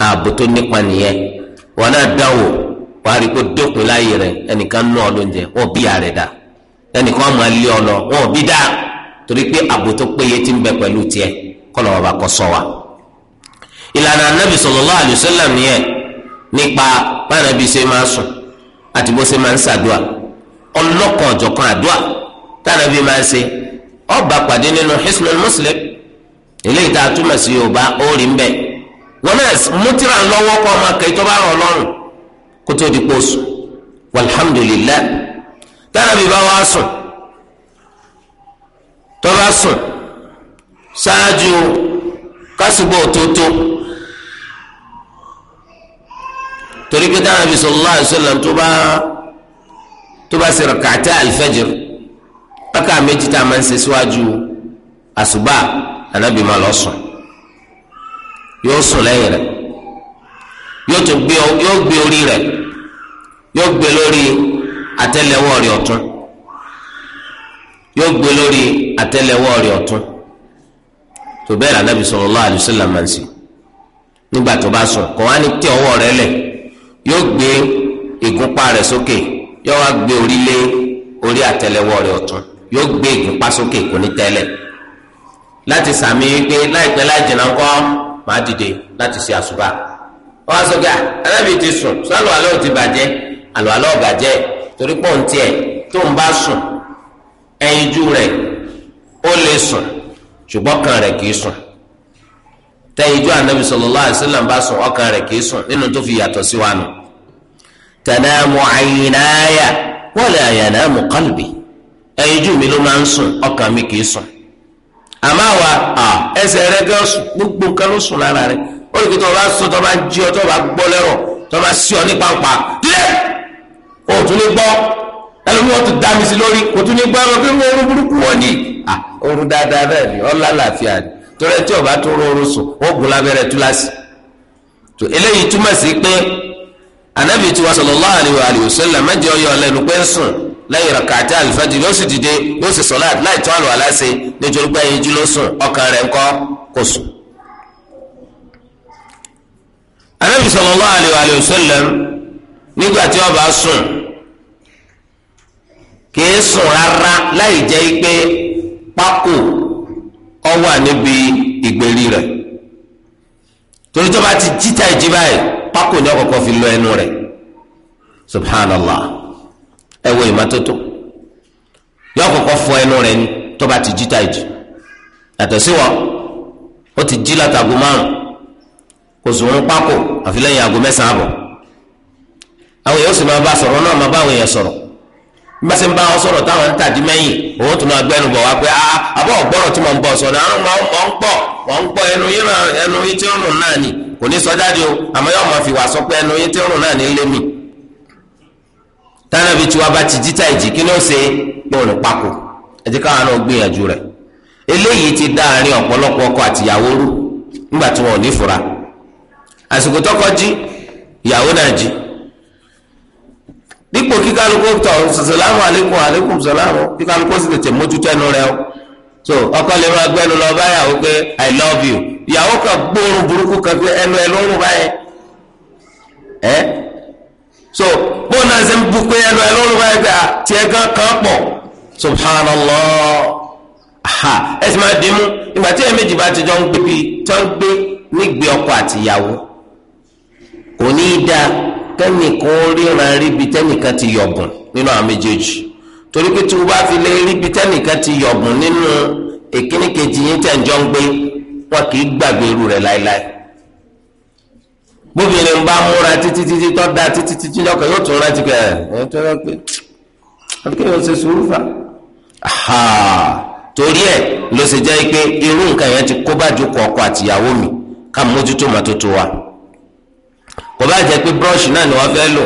ààbò tó nípa nìyẹn wọn náà dánwò wọn á rí i pé dópin láàyè rẹ ẹnìkan ná ọ lóúnjẹ wọn ò bí ìyá rẹ dá ẹnìkan ọ lọ wọn ò bí ti ń bẹ wa. ìlànà anábì nípa ṣe máa sùn àti bó ṣe máa ń ọlọ́kan ọ̀jọ̀kan máa ń ọba pàdé nínú Hisnul Muslim eléyìí tá a túmọ̀ sí yorùbá ó rí ń bẹ̀ wọn náà mútírà lọ́wọ́ kọ́ ọmọ akẹ́ tó bá rọ̀ lọ́rùn kó tó di kóòsù walhamdulillah tára bí bá wàá sùn tó bá sùn ṣáájú kásùbọ̀ tótó torí pé tára bí sallallahu alaihi tó bá tó bá sì rakaata al rákà méjì tá a máa ń ṣe síwájú àṣùbà ànábì máa lọ sùn yóò sùn lẹ́yìn rẹ̀ yóò tún gbé yóò gbé orí rẹ̀ yóò gbé lórí àtẹ́lẹwọ́ rẹ̀ ọ̀tún yóò gbé lórí àtẹ́lẹwọ́ rẹ̀ ọ̀tún tó bẹ́ẹ̀ rà nàbì sallallahu alaihi wasallam máa ń sè nígbà tó bá sùn kọ́ wá tẹ ọwọ́ rẹ̀ lẹ̀ yóò gbé ìgúnpá rẹ̀ sókè yóò wá gbé orí lé orí àtẹ́lẹwọ́ rẹ̀ ọ̀tún. yóò gbé ìgbìpá sókè kò ní tẹ́lẹ̀ láti sàmì wípé láìpẹ́ láì jìnnà ńkọ́ máa dìde láti ṣe àṣùbà wọ́n á alábì ti sùn sálọ alẹ́ ò ti bàjẹ́ àlọ́ alẹ́ ò bàjẹ́ torí pọ̀ ń tiẹ̀ tó ń bá sùn ẹyinjú rẹ̀ ó lè sùn ṣùgbọ́n kan rẹ̀ kì í sùn tẹyinjú anabi sallallahu alaihi wasallam bá sùn ọkàn rẹ̀ kì í sùn nínú tó fi yàtọ̀ sí wa nù tanamu aynaya wala yanamu qalbi. ẹyinjú mi ló máa ń sùn ọkàn mi kì í sùn àmọ́ àwa ẹsẹ̀ rẹ gẹ́ gbogbo nǹkan ló sùn lára rẹ ó lè kí tó o bá sùn tó o bá jí ọ tó o bá gbọ́ lẹ́rọ̀ tó o bá sí ọ ní pàǹpà díẹ̀ o tún lè gbọ́ ẹlòmíì wọn tún dá mi sí lórí kò tún lè gbọ́ ẹ̀rọ pé oorun burúkú wọn ni oorun dáadáa bẹ́ẹ̀ ni ọ̀la làáfíà ni torí tí o tó oorun sùn wọ́n gún lábẹ́rẹ́ túláàsì eléyìí túmọ̀ sí pé Ànábì tiwa sallallahu alaihi lẹ́yìn rakata alifajiri yóò sì dìde yóò sì sọlá láì tó àlọ́ aláṣẹ nítorí pé ẹyin jí ló sùn ọkàn rẹ̀ ńkọ́ kò sùn. anabi nígbà tí ó bá sùn kìí sùn rárá láì jẹ́ pé pákó níbi rẹ̀ torí tó bá ti báyìí pákó ni fi lọ ẹnu rẹ̀ subhanallah. ẹ wo ìmọ́tótó yọ fọ ẹnu rẹ ni tó bá ti jí ta ìjì sí ó ti jí látago márùn kò sùn ń pákó àfi aago mẹ́sàn-án àbọ̀ àwọn èèyàn sì máa bá sọ̀rọ̀ náà máa bá àwọn èèyàn sọ̀rọ̀ bí wọ́n sì ń bá wọn sọ̀rọ̀ táwọn ń tàdí mẹ́yìn òun a ah, ah, àbọ̀ ọ̀gbọ́rọ̀ tí mo ń bọ̀ sọ náà mo ń pọ̀ mo ń pọ̀ ẹnu yín tí ó rùn náà ni kò ní sọ jáde o àmọ́ yóò máa fi pé ẹnu yín tí ó tánàbí tí wàá bá ti jí táìjì kí ló ṣe ẹ káwọn náà gbìyànjú rẹ eléyìí ti dá àárín ọ̀pọ̀lọpọ̀ ọkọ ati rú nígbà tí wọn ò ní fura àsìkò tọkọ jí ìyàwó náà jí dípò kíkálukú tọ sì tètè mójútó ẹnu o so ọkọ i love you ìyàwó kan gbóòórùn burúkú kan pé ẹnu ẹ báyẹn so bó náà ṣe ń bukú yẹn lọ ẹ lọ́rùn báyìí pé tiẹ̀ gan kan pọ̀ ha ẹ sì máa dín mú tí ti jọ ń gbé bíi nígbé ọkọ àtìyàwó kò ní í da kẹ́nìkan ríbi tẹ́nìkan ti yọ̀gùn nínú àwọn méjèèjì torí pé tí bá fi lé ti yọ̀gùn nínú kejì yín tẹ̀ bóbìnrin bá múra títí títí tó da títí títí lọ́kàn yóò tún rántí kẹ́ ẹ̀ tó yọ pé akéwì ṣe sùúrù fà torí ẹ̀ ló ṣe jẹ́ pé irú nǹkan yẹn ti kó kọ ọkọ àtìyàwó mi ká mójútó mọ́tótó wa kò bá jẹ́ pé búrọ́ọ̀ṣì náà ni wọ́n fẹ́ lò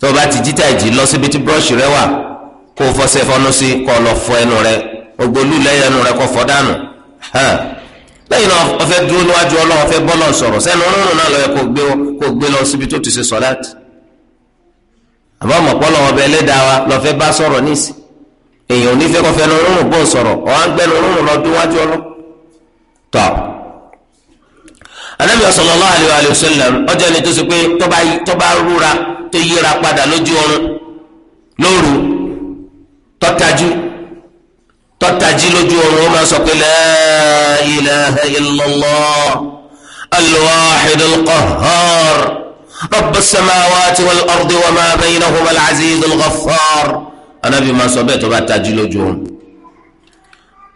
tó o bá ti ìjì lọ síbi tí búrọ́ọ̀ṣì rẹ wà kó o fọnú sí kó rẹ ògbólú lẹ́yìn rẹ kó o fọ lẹ́yìn náà ọ̀fẹ́ dúró níwájú ọlọ́run ọ̀fẹ́ bọ́lọ̀ sọ̀rọ̀ sẹ́nu rúnrún náà lọ́yẹ kó gbé kó gbé lọ síbi tó ti ṣe ọbẹ̀ ẹlẹ́dàá wa lọ́fẹ́ bá sọ̀rọ̀ èèyàn onífẹ́ kọfẹ́ sọ̀rọ̀ ọ̀hán gbẹ́nu lọ dún wájú tọ́ tọ́tají lójú oorun ó máa sọ pé la ilaha illallah al-wahid al-qahhar rabbus samawati wal ardi wa ma baynahuma al-aziz al-ghaffar anabi máa sọ bẹ́ẹ̀ tó bá tají lójú oorun.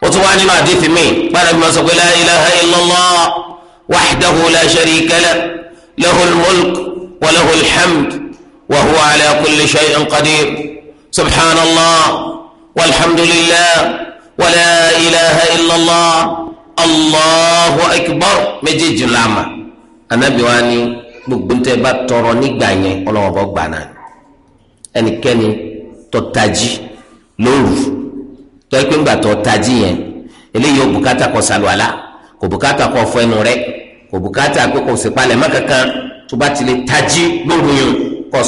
ó tún wá nínú àdéhùn mi pàdánù máa sọ pé la ilaha illallah wahdahu la sharika lah lahul mulk wa lahul hamd wa huwa ala kulli shay'in qadir subhanallah. والحمد لله ولا إله إلا الله، الله أكبر. lama anabi أنا ni gbogbo ntẹ bá tọrọ nígbà yẹn ọlọ́wọ́ bọ́ gbà náà ẹnikẹ́ni tó tají lóru tó ẹ pé ńgbà tó tají yẹn eléyìí ó bùkátà kó ṣàlùwàlá kò bùkátà kó fọ ẹnu rẹ̀ kò bùkátà pé kò sì palẹ̀ mọ́ kankan tó bá ti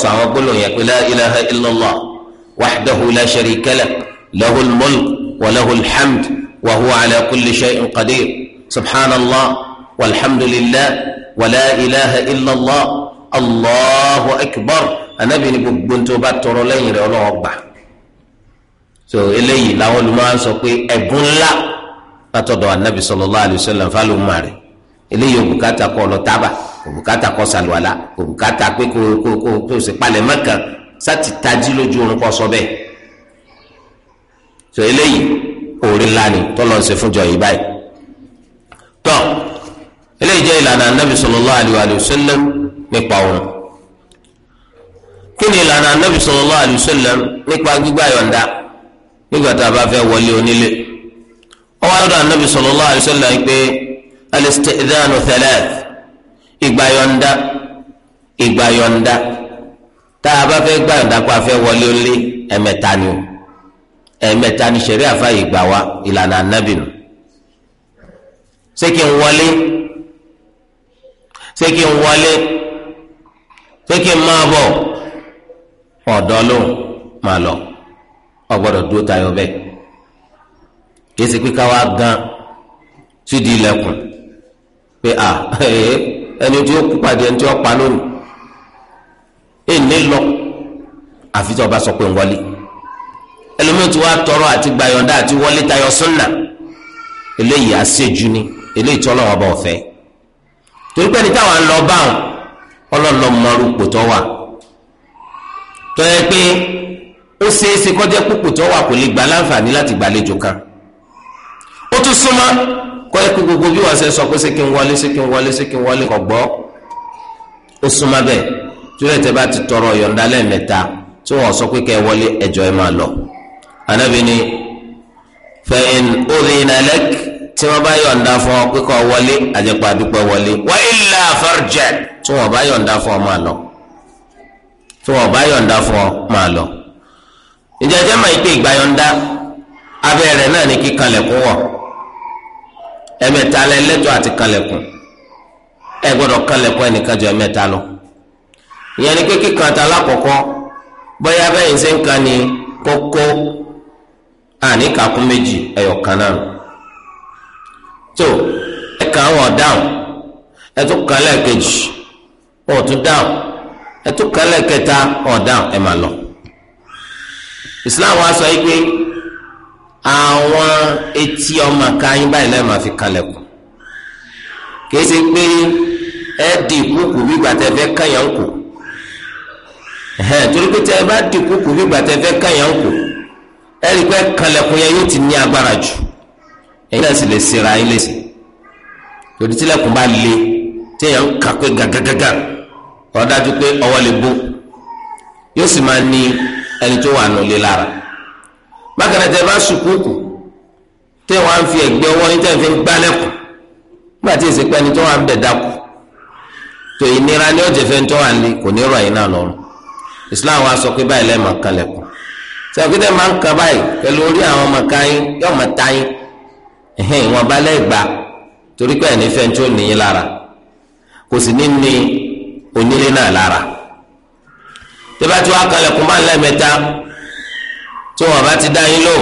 àwọn gbólóhùn yẹn pé la ilaha illallah wahdahu la sharika lahul mulk. وله الحمد وهو على كل شيء قدير سبحان الله والحمد لله ولا إله إلا الله الله أكبر أنا بني بنتو باتورو لين رولو أكبر so eléyìí làwọn olùmọ̀ọ́ sọ pé ẹ̀bùn ńlá látọ̀dọ̀ anabi sallallahu alayhi wa sallam fálùmọ́ rẹ̀ eléyìí òbúkátà kọ́ lọ tábà òbúkátà kọ́ sàlùwàlà òbúkátà pé kó kó kó tó sì palẹ̀ mọ́kàn sátìtají lójú orun kọ́ sọ bẹ́ẹ̀ sọ eléyìí orí ńlá ni tọ́lọ́ ń ṣe fúnjọ yìí báyìí tọ́ eléyìí jẹ́ ìlànà anábì sallallahu alaihi wa sallam nípa òun kí ni ìlànà anábì sallallahu alaihi wa sallam nípa gbígbà yọ̀ǹda nígbà tá a bá fẹ́ wọlé onílé ó wá lọ́dọ̀ anábì sallallahu alaihi wa sallam pé al-istidhanu thalath ìgbà yọ̀ǹda ìgbà yọ̀ǹda tá a bá fẹ́ gbà yọ̀ǹda pa fẹ́ wọlé onílé ẹ̀mẹ́ta ni o ẹ̀ẹ̀mẹ́ta ni sẹ̀rí àfààyè gbà wá ìlànà ànábì nù ṣé kí n wọlé ṣé kí n wọlé ṣé kí n máa bọ̀ ọ̀dọ́ ló máa lọ ọgbọ́dọ̀ dúró tayọ bẹ́ẹ̀ kìí ṣe pé káwá gan sídi ilẹ̀kùn pé à ẹni tí ó pàdé ẹni tí ó pa lónìí èyí ní lọ àfi tí ọba sọ pé ń wọlé ẹlòmíràn wa wàá tọrọ àti gbayọ̀ǹda àti wọlé tayọ súnà eléyìí àṣejù ni eléyìí tí ọlọ́wọ́ bá ọ̀fẹ́ torí pé ní táwọn lọ bá wọn ọlọ́lọ́ mọ́rú pòtọ́ wà tọ́yẹ pé ó ṣeéṣe kọjá pòpòtọ́ wà kò lè gba láǹfààní láti gbàlejò kan ó tún súnmọ́ kọ́yẹ pé gbogbo bí wọ́n ṣe sọ pé ṣé kí wọlé ṣé kí wọlé ṣé kí wọlé kọ̀ gbọ́ ó súnmọ́ bẹ́ẹ̀ tí ó lè bá ti tọrọ yọ̀ǹda lẹ́ẹ̀mẹ́ta tí wọ́n sọ pé kẹ́ wọlé ẹjọ́ ẹ máa lọ. anabini ni in udhina tí wọ́n bá yọ̀ǹda fún ọ pé wọlé àjẹpọ̀ àdúpọ̀ wọlé tí wọ́n bá yọ̀ǹda fún ọ máa lọ tí wọ́n bá yọ̀ǹda fún ọ máa lọ. ìjẹ́jẹ́ máa ń pè ìgbà yọ̀ǹda abẹ́rẹ́ náà ní kíkanlẹ̀kùn wọ̀ àti kanlẹ̀kùn ẹ gbọ́dọ̀ kanlẹ̀kùn ẹnìkan jọ ẹ̀mẹ́ta lọ. ìyẹn ni pé àní ah, kakún meji ẹyọ kan náà tó ẹka wọn dáhùn ẹtún kan lẹ́ẹ̀kejì wọn tún dáhùn ẹtún ẹ Islam wa sọ yìí pé eti etí ọmọ kan báyìí lẹ́ẹ̀ fi kalẹ̀kùn kìí ṣe pé ẹ ẹ di ẹ̀rí pé kalẹ̀kùn yẹn yóò ti ní agbára jù ẹ̀yin náà sì lè sera yín lè lòdì tí lẹ́kùn bá le téèyàn ń kà pé gàgàgàgà ọ̀dájú pé ọwọ́ lè bó yóò sì máa ní ẹni tó wà nílé lára bákan tẹ bá sùkúùkù tẹ wàá fi ẹ̀gbẹ́ ọwọ́ yín tẹ fi ń nígbà tí èsì tó tó ìnira ni ó Islam wa sọ pé báyìí lẹ́ẹ̀ máa kalẹ̀kùn. sọ̀kítẹ́ máa ń kàn báyìí pẹ̀lú orí àwọn ọmọ kan yín yóò máa ta yín ẹ̀hìn ìwọ̀n balẹ̀ gbà torí pé ẹ̀ní fẹ́ẹ́ tí ó nìyí lára kò sì ní ní onílé náà lára tí bá ti wá kalẹ̀ kó máa ń lẹ́ẹ̀mẹ́ta tí wọ́n bá ti dá yín lò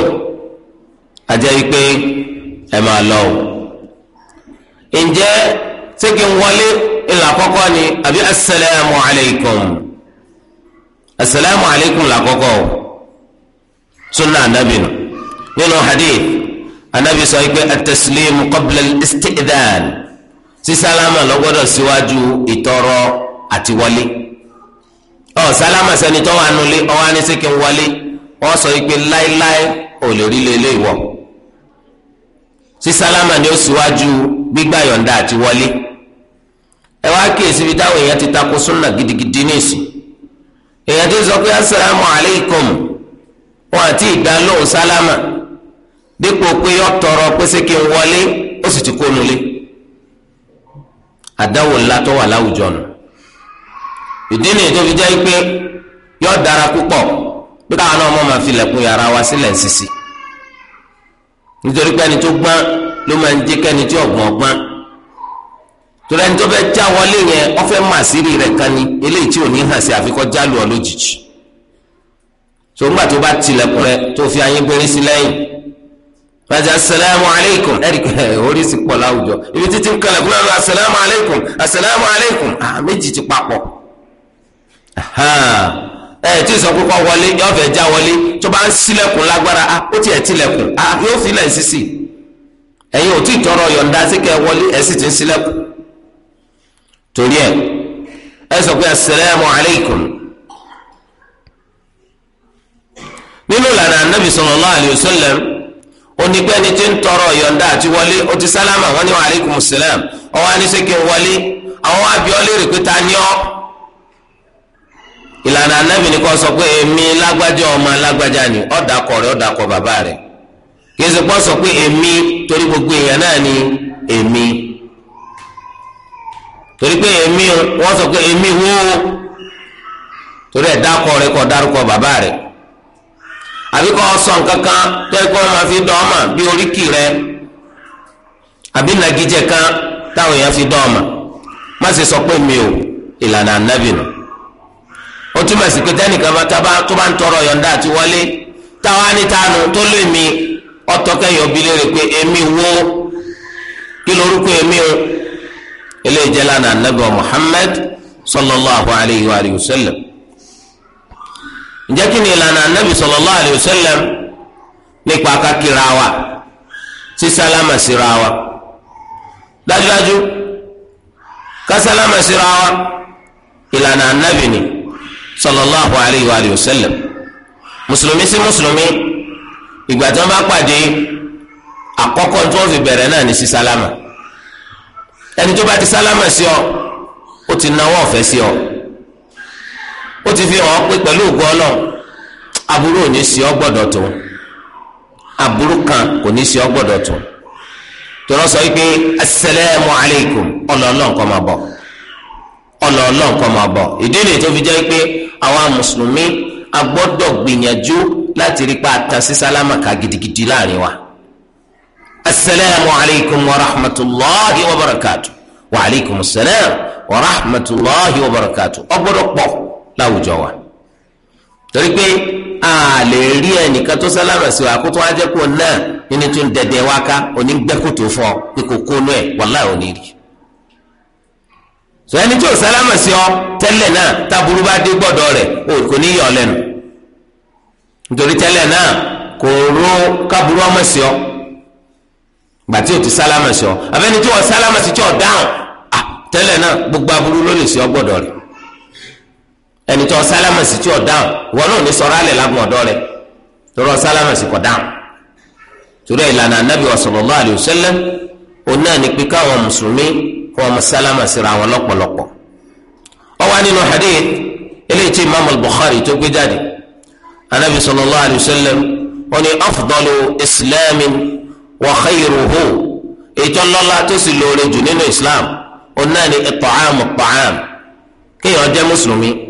àjẹ́ wípé ẹ máa lọ o ǹjẹ́ ṣé kí n wọlé ìlà àkọ́kọ́ ni àbí asalaamualeykum asalaamualeykum là àkọ́kọ́ o sunna anabi nù nínú hadith anabi sọ pé at-taslimu qabla al-isti'dhan sísálámà ló gbọ́dọ̀ síwájú ìtọrọ àti wọlé ọ sálámà sẹni tó wà nulẹ ọwọ anísìkì ń wọlé wọn sọ pé láéláé ò lè rí lélẹ̀ ni ó síwájú gbígbà yọ̀ǹda àti wọlé ẹ wá kíyèsí bí táwọn èèyàn ti takò súnà gidigidi ní ìsìn èèyàn ti sọ pé asalaamu alaykum. wọn àti ìdá sálámà dípò pé tọrọ pèsè kí n wọlé ó sì ti kó nulẹ̀ àdáwò ńlá tó wà láwùjọ nù ìdí ni tó fi jẹ́ pé yọ dara púpọ̀ pé káwọn ọmọ mọ̀ máa yàrá wa sílẹ̀ ń sisi nítorí pé ẹni tó gbọ́n ló máa ń jẹ́ kẹ́ni tí ọ̀gbọ́n gbọ́n tó fẹ́ já wọlé yẹn sọgbà tó bá tilẹ̀kùn rẹ tó fi ayé bẹ̀rẹ̀ sí lẹ́yìn rajà asalaamu aleykum ẹ̀rí oríṣi pọ̀ láwùjọ ibi títí ń kalẹ̀kùn náà lọ asalaamu aleykum asalaamu aleykum ah méjì ti papọ̀ ẹ tí sọ pé kọ́ wọlé yọ fẹ́ já wọlé tó bá ń sílẹ̀kùn lágbára ah ó tiẹ̀ tilẹ̀kùn ah yóò fi lẹ̀ sísì ẹ̀yin ò tí ì tọrọ yọ̀ǹda sí kẹ́ wọlé ẹ̀ sì ti ń sílẹ̀kùn torí ẹ ẹ sọ pé asalaamu aleykum. nínú ìlànà anabi sallallahu alayhi wa sallam onígbẹ́ni tí ń tọrọ yọ̀ǹda àti wọlé o ti sálámà wọn ni wa aleykum salam ọwọ́ aníṣẹ́kẹ́ wọlé àwọn abiọ́ léèrè pé ta ìlànà anabi ni kò sọ pé èmi lágbájá ọmọ lágbájá ni ọ̀dàkọ̀ rẹ̀ ọ̀dàkọ̀ bàbá rẹ̀ kì í ṣe gbogbo èèyàn náà ni èmi torí pé èmi wọ́n sọ pé èmi wó torí àbí kọ́ sọ nǹkan kan máa fi dán ọmọ bí oríkì rẹ àbí nàgíjẹ kan táwọn èèyàn fi dán ọmọ má ṣe sọ pé mi ò ìlànà ànábì nù ó túmọ̀ sí pé tẹ́nìkan bá tó bá ń tọrọ yọ̀ǹda àti wọlé táwa ní tánu tó lé mi ọtọ́kẹ́yọ̀ bí emi pé èmi wo kí lorúkọ èmi o eléyìí jẹ́ lánàá ànábì sallallahu alayhi wa ǹjẹ́ kí ni ìlànà anabi sallallahu alayhi wa sallam nípa kakira wa sísálámà síra wa dájúdájú kásálámà síra wa ìlànà anabi ni sallallahu alayhi wa sallam mùsùlùmí sí mùsùlùmí ìgbà tí wọ́n bá pàdé àkọ́kọ́ tí wọ́n fi bẹ̀rẹ̀ náà ní sísálámà ẹni tó bá ti sálámà sí ọ ó ti náwó ọ̀fẹ́ sí ọ. ó ti fi hàn pé pẹ̀lú ògùn ọlọ́run aburú ò ní sí ọ gbọ́dọ̀ tó aburú kan kò ní sí ọ gbọ́dọ̀ tó tọ́lọ́ sọ wípé asalaamu aleykum ọlọ́ọ̀lọ́ nǹkan máa bọ̀ ọlọ́ọ̀lọ́ nǹkan máa bọ̀ ìdí nìyí tó fi jẹ́ pé àwa mùsùlùmí a gbìyànjú láti rí pa ata sí sálámà ká gidigidi láàrin wa asalaamu aleykum wa rahmatulahi wa barakatu wa aleykum salaam wa rahmatulahi wa barakatu ọgbọ́dọ̀ pọ̀. láwùjọ wa torí pé a lè rí ẹnìkan tó sálámà sí wa kó tó wá jẹ́ kó náà nínú tó ń dẹdẹ wá ká òní gbẹ́kùtò fọ pé kò kó nú ẹ̀ wàláhì rí ẹni tí ò sálámà sí ọ tẹ́lẹ̀ náà táburú bá dé gbọ́dọ̀ rẹ̀ kò ní lẹ́nu nítorí tẹ́lẹ̀ náà kò ró káburú ọmọ sí ọ ti sí ọ sí gbogbo aburú ló lè sí ọ ẹni tó sálámà sí tí ò dáhùn wọn náà ní sọ̀rọ̀ alẹ lágùn ọ̀dọ̀ rẹ̀ tọrọ sálámà sí kò dáhùn torí ìlànà anabi sallallahu alayhi wa sallam òun náà ní pé káwọn mùsùlùmí kọ ọmọ sálámà síra wọn lọ́pọ̀lọpọ̀ ó wà nínú hadith eléyìí tí imaamu al tó gbé jáde anabi sallallahu alayhi wa sallam ó ní afdalu islamin wa khayruhu ìjọlọ́lá tó sì lóore jù nínú islam òun náà ní ìtọ̀hámù tọ̀hámù kéèyàn jẹ́ mùsùlùmí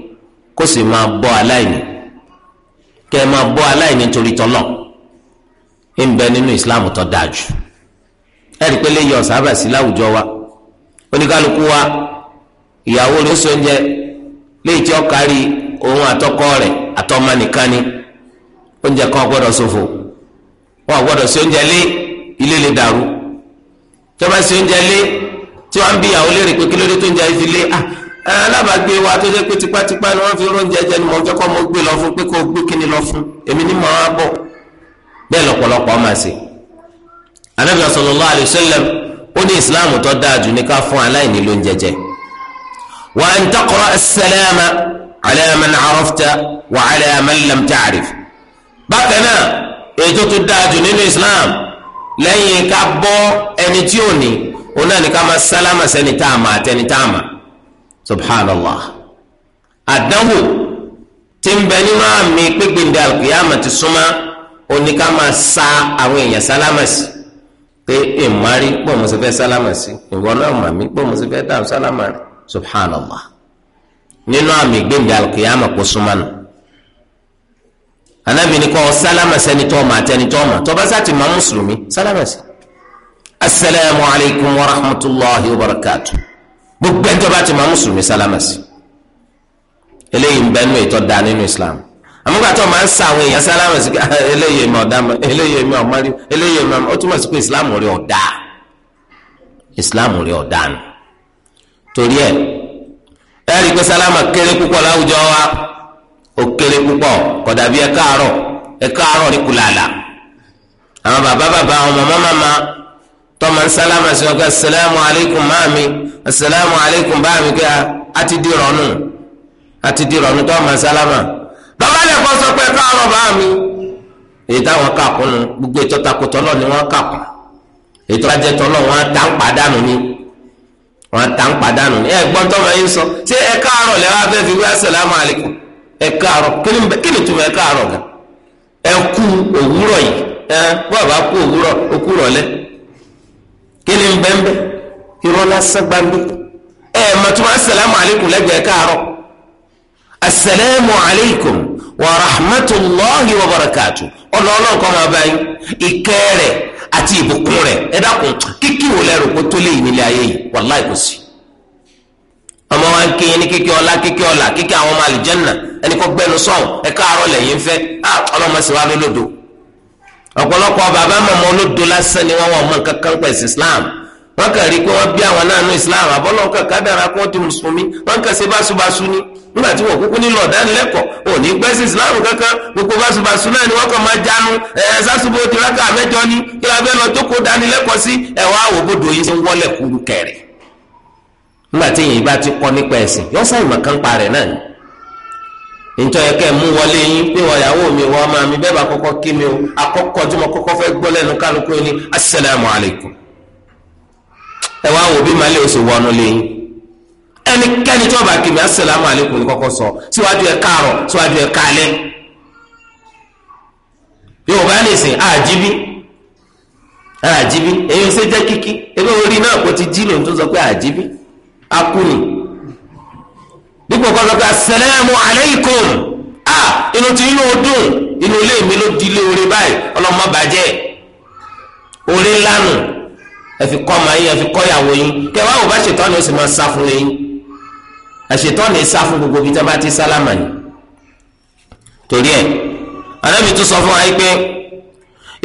kó sì máa bọ́ aláìní kẹ́ ẹ máa bọ́ aláìní torí tọ́lọ̀ ń bẹ nínú islam tó dáa jù pé láwùjọ wa oníkálukú wa ìyàwó ló sọ léyìí tí ó kárí òun àtọkọ rẹ àtọmọ nìkan ni oúnjẹ kan gbọ́dọ̀ ṣòfò wọn gbọdọ sí O lé ilé lè dàrú tí wọn bá lé tí wọn bí ìyàwó lè rí pé kí tó ń jẹ ife lé ah, alábàágbé wa tó jẹ́ pé tipátipá ni wọ́n fi oúnjẹ jẹ ni mo jẹ́ kọ́ mo gbé lọ fún pé kó o gbé kíni lọ fún èmi ni mo á bọ̀ bẹ́ẹ̀ lọ́pọ̀lọpọ̀ ọmọ àṣẹ. anabi sallallahu alayhi wa sallam ó ní ìsìláàmù tó dáa jù ní ká fún aláìní ló ń jẹjẹ. wa an taqra as-salama ala man arafta wa ala man bákan náà ètò tó dáa jù nínú islam lẹ́yìn ká bọ́ ẹni tí ò ní òun náà ní ká máa sálámà sẹ́ni tá àtẹni tá subhanallah àdánwò tí ń bẹ nínú àmì pípéǹde alùpùpù ti súnmọ́ oníkà máa sa àwọn èèyàn sálámàsì pé ìmárì pọ̀ mo sì fẹ́ sálámàsì ìwọ náà mà mí pọ̀ mo sì fẹ́ dáhùn sálámàrì subhanallah nínú àmì gbéǹde alùpùpù kò súnmọ́ nù anabini kọ sálámà sẹni tó ma tẹni tó ma tọba sá ti ma mùsùlùmí sálámà asalaamualeykum wa rahmatulahi wa barakatuh. gbogbo ẹni bá ti máa mùsùlùmí sálámà eléyìí ń bẹ nínú da nínú islam àmúgbàtọ̀ máa ń sa àwọn èèyàn sálámà sí ah, eléyìí èmi ọ̀dà eléyìí èmi ọ̀mọ́rí eléyìí èmi ọ̀mọ́rí túmọ̀ sí pé islam rí ọ̀dà islam rí ọ̀dà nù torí ẹ ẹ rí i pé sálámà kéré púpọ̀ láwùjọ wa ó kéré púpọ̀ kódà bí ẹ káàárọ̀ ẹ káàárọ̀ ní kùlàlà àwọn bàbá bàbá máa ń sálámà sí asalaamu aleykum baa mi ka a ti di rọnu a ti di rọnu tó ma sálámà bàbá lè kọ́ sọ pé káàárọ̀ bá mi èyí táwọn kàkún nu gbogbo ètò takòtò lọ ni wọ́n kàkún ètò ajẹtọ lọ wọ́n ta ni wọ́n ta ni fi asalaamu aleykum gan irọ́ lásán gbàgbé ẹ ẹ mọ̀tún asalaamu aleykum lẹ́gbẹ̀ẹ́ káàárọ̀ asalaamu aleykum wa rahmatulahi wa barakatu ọlọ́ọ̀lọ́ọ̀ kọ́ máa báyìí ìkẹ́ rẹ̀ àti ìbùkún rẹ̀ ẹ dákun kíkí wò lẹ́rù kó tó léyìn nílé ayé yìí wàláì kò sí. ọmọ wa ń kéye ní kíkí ọlá kíkí ọlá kíkí àwọn ọmọ àlùjànnà ẹni kó gbẹnu sọ̀hún ẹ káàárọ̀ lẹ́yìn fẹ́ ọlọ́mọ sì wá lólódo ọ̀pọ̀lọpọ̀ bàbá màmá olódo lásán ni wọ́n wọ̀ ọmọ kankan pẹ̀sì Islam wọn kàn rí i pé wọ́n bí àwọn náà nú islam àbọ́lọ́ kan kádàrá kó di mùsùlùmí wọ́n kàn ṣe báṣubàṣu ni nígbà tí wọ́n kúkú nílò ọ̀dánilẹ́kọ̀ọ́ ní sí islam kankan gbogbo báṣubàṣu náà ni wọ́n kàn máa jánu ẹ̀ sásùbò tìrákà mẹ́jọ ni kí wọ́n abẹ́ lọ jókòó dánilẹ́kọ̀ọ́ sí ẹ̀wọ̀n àwòbodò yìí ṣe ń wọlé kúrú kẹrì. nígbà tí yìnyín bá ti kọ́ nípa ẹ̀sìn yọ sáyìn mọ̀ kan parẹ̀ náà ni ẹ wá wò bí malẹ oṣù wọnú lẹ́yìn ẹnikẹ́ni tí wọ́n bá kìlọ̀ asalaamu alaykum ní kọ́kọ́ sọ síwájú ẹ káàrọ̀ síwájú ẹ káalẹ́ yorùbá lè sìn àjíbí àjíbí èyí ṣe jẹ́ kíkí ebi orí náà kò ti jí lòun tó sọ pé àjíbí akuni dípò kọ́ sọ pé asalaamu alaykum a inú ti inú ọdún inú ilé mi ló di ilé orí báyìí ọlọ́mọ bàjẹ́ orí lánàá ẹ fi kọ́ ọmọ yín ẹ fi kọ́ ìyàwó yín kẹ́ wá wò bá ṣètọ́ni ó sì máa sá fún yín àṣetọ́ni sá fún gbogbo ibi tí a bá ti sálámà ni torí ẹ anábì tún sọ fún wa pé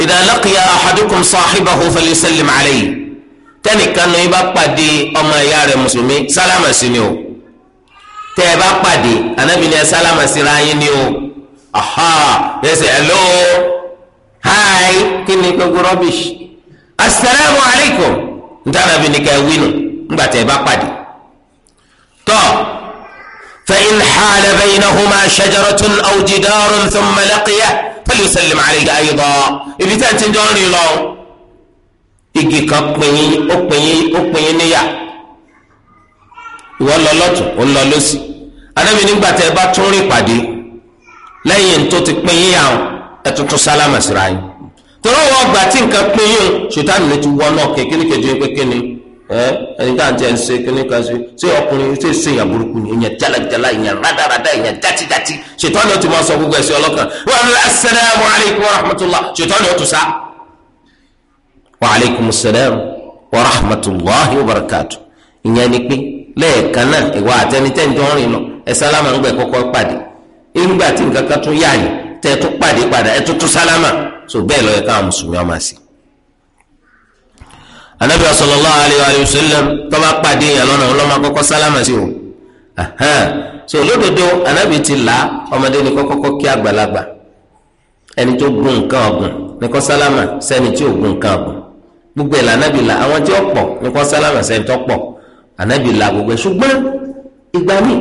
idha laqiya ahadukum sahibahu falyusallim alayhi tẹnìkan ní bá pàdé ọmọ ìyá rẹ̀ mùsùlùmí sálámà sí ni o tẹ ẹ bá pàdé anábì ní ẹ sálámà síra yín ni o aha yẹsẹ hello hi kí ni gbogbo rubbish asalaamu alaykum ntana bi ni ká ẹ winu ngbà tẹ ẹ bá pàdé tọ fa in haala baynahuma shajaratun aw jidarun thumma laqiya falyusallim alayka ayda ibi tí a ti ń jọ ń rìn lọ igi kan pinyin ó pinyin ó pinyin níyà ìwọ lọ lọ́tùn ó lọ lọ́sì anabi nígbà tẹ ẹ tún rìn pàdé lẹ́yìn tó ti pinyin yà ẹ tuntun sálámà síra yín. tọ́lọ́ wọ ọgbà tí nǹkan pín yín ṣètàn lè ti wọ́n náà kékeré kejì kékeré ẹ ẹni tá à ń jẹ ṣe kíní kan ṣe ṣé ọkùnrin ṣe ṣe èèyàn burúkú ni èèyàn jalajala ṣètàn ti máa sọ gbogbo alaykum wa ṣètàn tún wa alaykum wa wa ìyẹn ni pé lẹ́ẹ̀kan náà ìwà ń lọ sálámà ń gbẹ tẹ tó pàdé padà ẹ tó tó sálámà so bẹ́ẹ̀ lọ́yẹ káwọn mùsùlùmí ọmọ sí. anabi sallallahu alayhi wa sallam tọ́ba pàdé yẹn lọ́nà ọlọ́mọ akọ́kọ́ sálámà sí o so lódodo anabi ti là ọmọdé ní kọ́kọ́kọ́ kí àgbàlagbà ẹni tó gun nǹkan ọ̀gùn ní kọ́ sálámà sẹ́ni tí ò gun nǹkan ọ̀gùn gbogbo ẹ̀ lànàbì là àwọn tí ó pọ̀ ní kọ́ sálámà sẹ́ni tó pọ̀ anabi là gbogbo ẹ̀ ṣùgbọ́n ìgbà míì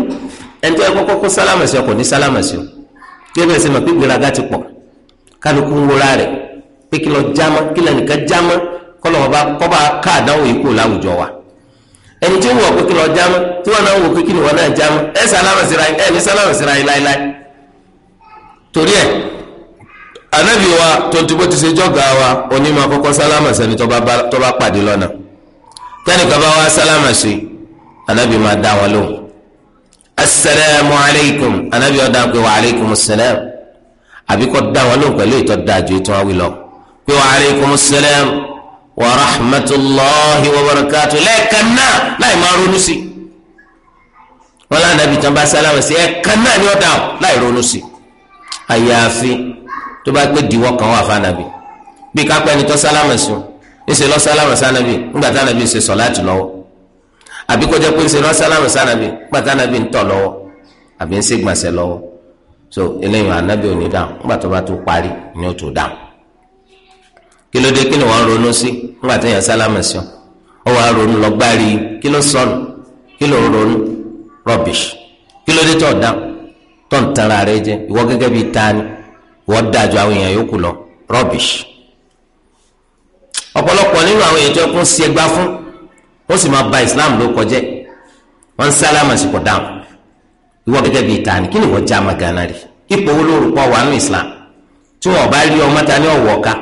ẹni tó yẹ kọ́kọ́ kó sálámà sí ọkọ̀ ní sálámà sí ọkọ̀ gẹ́gẹ́ sẹ́ ma pé gbèrágà ti pọ̀ kálukú ń wọra rẹ̀ pé kí lọ jámá kí lọ nìkan jámá kọ́lọ̀ ọba kọ́ba ká àdáwò yìí kó láwùjọ wa ẹni tí ń wọ̀ pé kí lọ jámá tí wọ́n náà ń wò pé kí ni wọ́n náà jámá ẹ̀ sálámà síra ẹ̀ ní sálámà síra ẹ̀ láéláé torí ẹ̀ anabi wa tontubo ti se jọga wa onímọ̀ akọ́kọ́ sálámà sẹ́ni tọ́ba pàdé lọ́nà tẹ́nìkan bá wa sálámà sí anabi máa dá wọn lóhùn asalaamu aleykum anabi ọ̀dà pé wa aleykum salaam àbíkọ́ dá wọn lóhùn pẹ̀lú ìtọ́ dájú ìtọ́ wọn wí lọ pé wa aleykum salaam wa rahmatulahi wa barakatu lẹ́ẹ̀kan náà láì máa ronú sí wọn lánàá ibi tán bá sálámù sí ẹ̀ẹ̀kan náà ni ó dáhùn láì ronú sí àyàfi tó bá pé diwọ́ kan wà fànàbì bí kápẹ́ni tó sálámù sí ń ṣe lọ sálámù sànàbì ńgbà tànàbì ń ṣe sọ̀láàtì lọ́wọ́ àbí kọjá pé ṣe ránṣáláàmù sànàbì pàtà nàbì ń tọ̀ lọ́wọ́ àbí ń ṣègbọ̀nsẹ̀ lọ́wọ́ so eléyìí ànábì ò ní dáhùn nígbà tó bá tó parí ni ó tó dáhùn kí ló dé kí ni wọ́n ronú sí nígbà tó yàn sálámù sí ọ wọ́n ronú lọ gbárí kí ló sọnù kí ló ronú rubbish kí ló dé tó dáhùn tó ń tanra rẹ jẹ ìwọ gẹ́gẹ́ bíi tani ìwọ dájú àwọn èèyàn yòókù lọ rubbish ọ̀pọ̀lọpọ̀ nínú àwọn èèyàn tó kún sí ẹgbá fún ó sì máa ba islam ló kọjẹ́ wọ́n ń sálámà sí kò dáhùn ìwọ gẹ́gẹ́ bíi ìtàn kí ni wọ́n já ma gánà rí ipò wo wà nù islam tí wọn bá rí ọmọ ta ní ọ̀wọ́ ká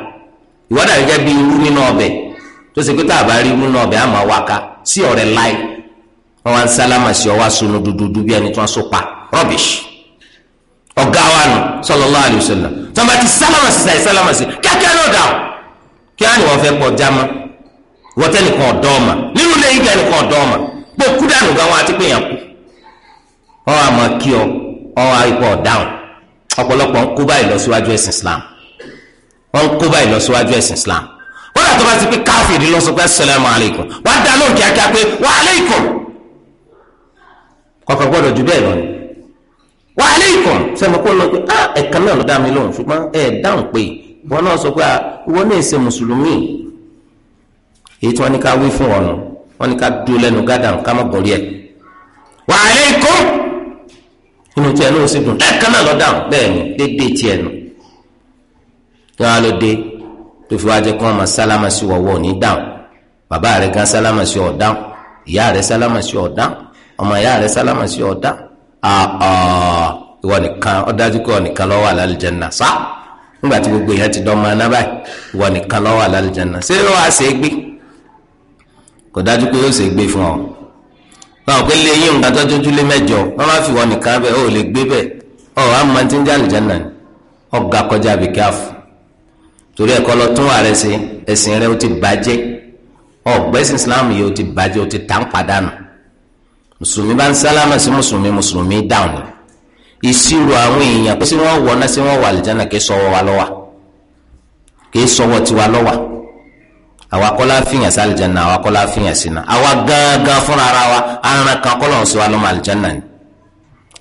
ìwọ dàbí gẹ́gẹ́ bíi irú nínú ọbẹ̀ tó ṣe pé tá a bá rí irú nínú ọbẹ̀ àmọ́ wà ká sí ọ̀rẹ́ láì wọ́n wá sálámà sí ọwọ́ sunu dúdú bí ẹni tí wọ́n so pa rubbish ọ̀gá wa nù sallallahu alaihi wasallam tí wọ́n bá ti sálámà sí sàì sálámà sí kíákíá náà dà kí á ní wọ́n fẹ́ já ma wọ́n tẹ́nìkan ọ̀dọ́ yìí kí ẹnìkan ọ̀dọ́ ọmọ pé kú dànù gan wọn àti pé yàn kú ọwọ́ àmọ́ kí ọ ọwọ́ àìpọ̀ dáhùn ọ̀pọ̀lọpọ̀ ń kó báyìí lọ síwájú ẹ̀sìn Islam wọ́n ń kó báyìí lọ síwájú ẹ̀sìn Islam wọ́n yàtọ̀ bá ti pé káfíìrì lọ sọ pé assalamu alaikum wà á dá lóun kíákíá pé wa alaikum kọ̀ọ̀kan gbọ́dọ̀ ju bẹ́ẹ̀ lọ ni wa alaikum sẹ́mi kó lọ pé ah, ẹ̀ka náà ló dá mi lóhùn ṣùgbọ́n ẹ̀ dáhùn pé wọn náà sọ pé ah, wọn náà ṣe mùsùlùmí èyí tí wọ́n ní ká wí fún ọ̀nà wọ́n ní ká dúró lẹ́nu gádàn ká má borí ẹ̀ wa alaykum inú tiẹ̀ náà ó sì dùn ẹ̀ka náà lọ dáhùn bẹ́ẹ̀ ni déédéé tiẹ̀ nù yọ wá ló dé tó fi wá jẹ́ kó wọn máa sálámà sí wọ́wọ́ ní dáhùn bàbá rẹ̀ gan sálámà sí ọ̀ dáhùn ìyá rẹ̀ sálámà sí ọ̀ dáhùn ọmọ ìyá rẹ̀ sálámà sí ọ̀ dáhùn ìwọ nìkan ó dájú pé nìkan ló wà lálùjánnà sá nígbà tí gbogbo èèyàn ti dán ọmọ aná ìwọ nìkan ló wà lálùjánnà ṣé wàá ṣe gbé kò dájú pé yóò ṣe gbé fún ọ báwo pé lé yín nǹkan tọ́jú tún lé mẹ́jọ wọ́n bá fi wọn nìkan bẹ́ẹ̀ ó lè gbé bẹ́ẹ̀ ọ̀ á máa ti ń jáde jẹ́nà ọ̀gá kọjá àbíkí àfọ̀ torí ẹ̀kọ́ lọ tún ààrẹ ṣe ẹ̀sìn rẹ ó ti bàjẹ́ ọ̀gbẹ́sìn Islam yìí ó ti bàjẹ́ ó ti tà ń padànù mùsùlùmí bá ń sálámà sí mùsùlùmí mùsùlùmí dáhùn ìṣirò àwọn èèyàn pé sí wọ́n wọ̀ náà sí wọ́n wà àlìjáná kì í sọ wọ́ wa lọ́wà kì í sọ wọ́ tiwa lọ́wà àwa kọ́lá fìyàn sí àlìjánná àwa kọ́lá fìyàn sí iná àwa gángan fúnra ara wa aràn kan kọ́lọ̀ ń sọ wa lọ́mọ àlìjánná ni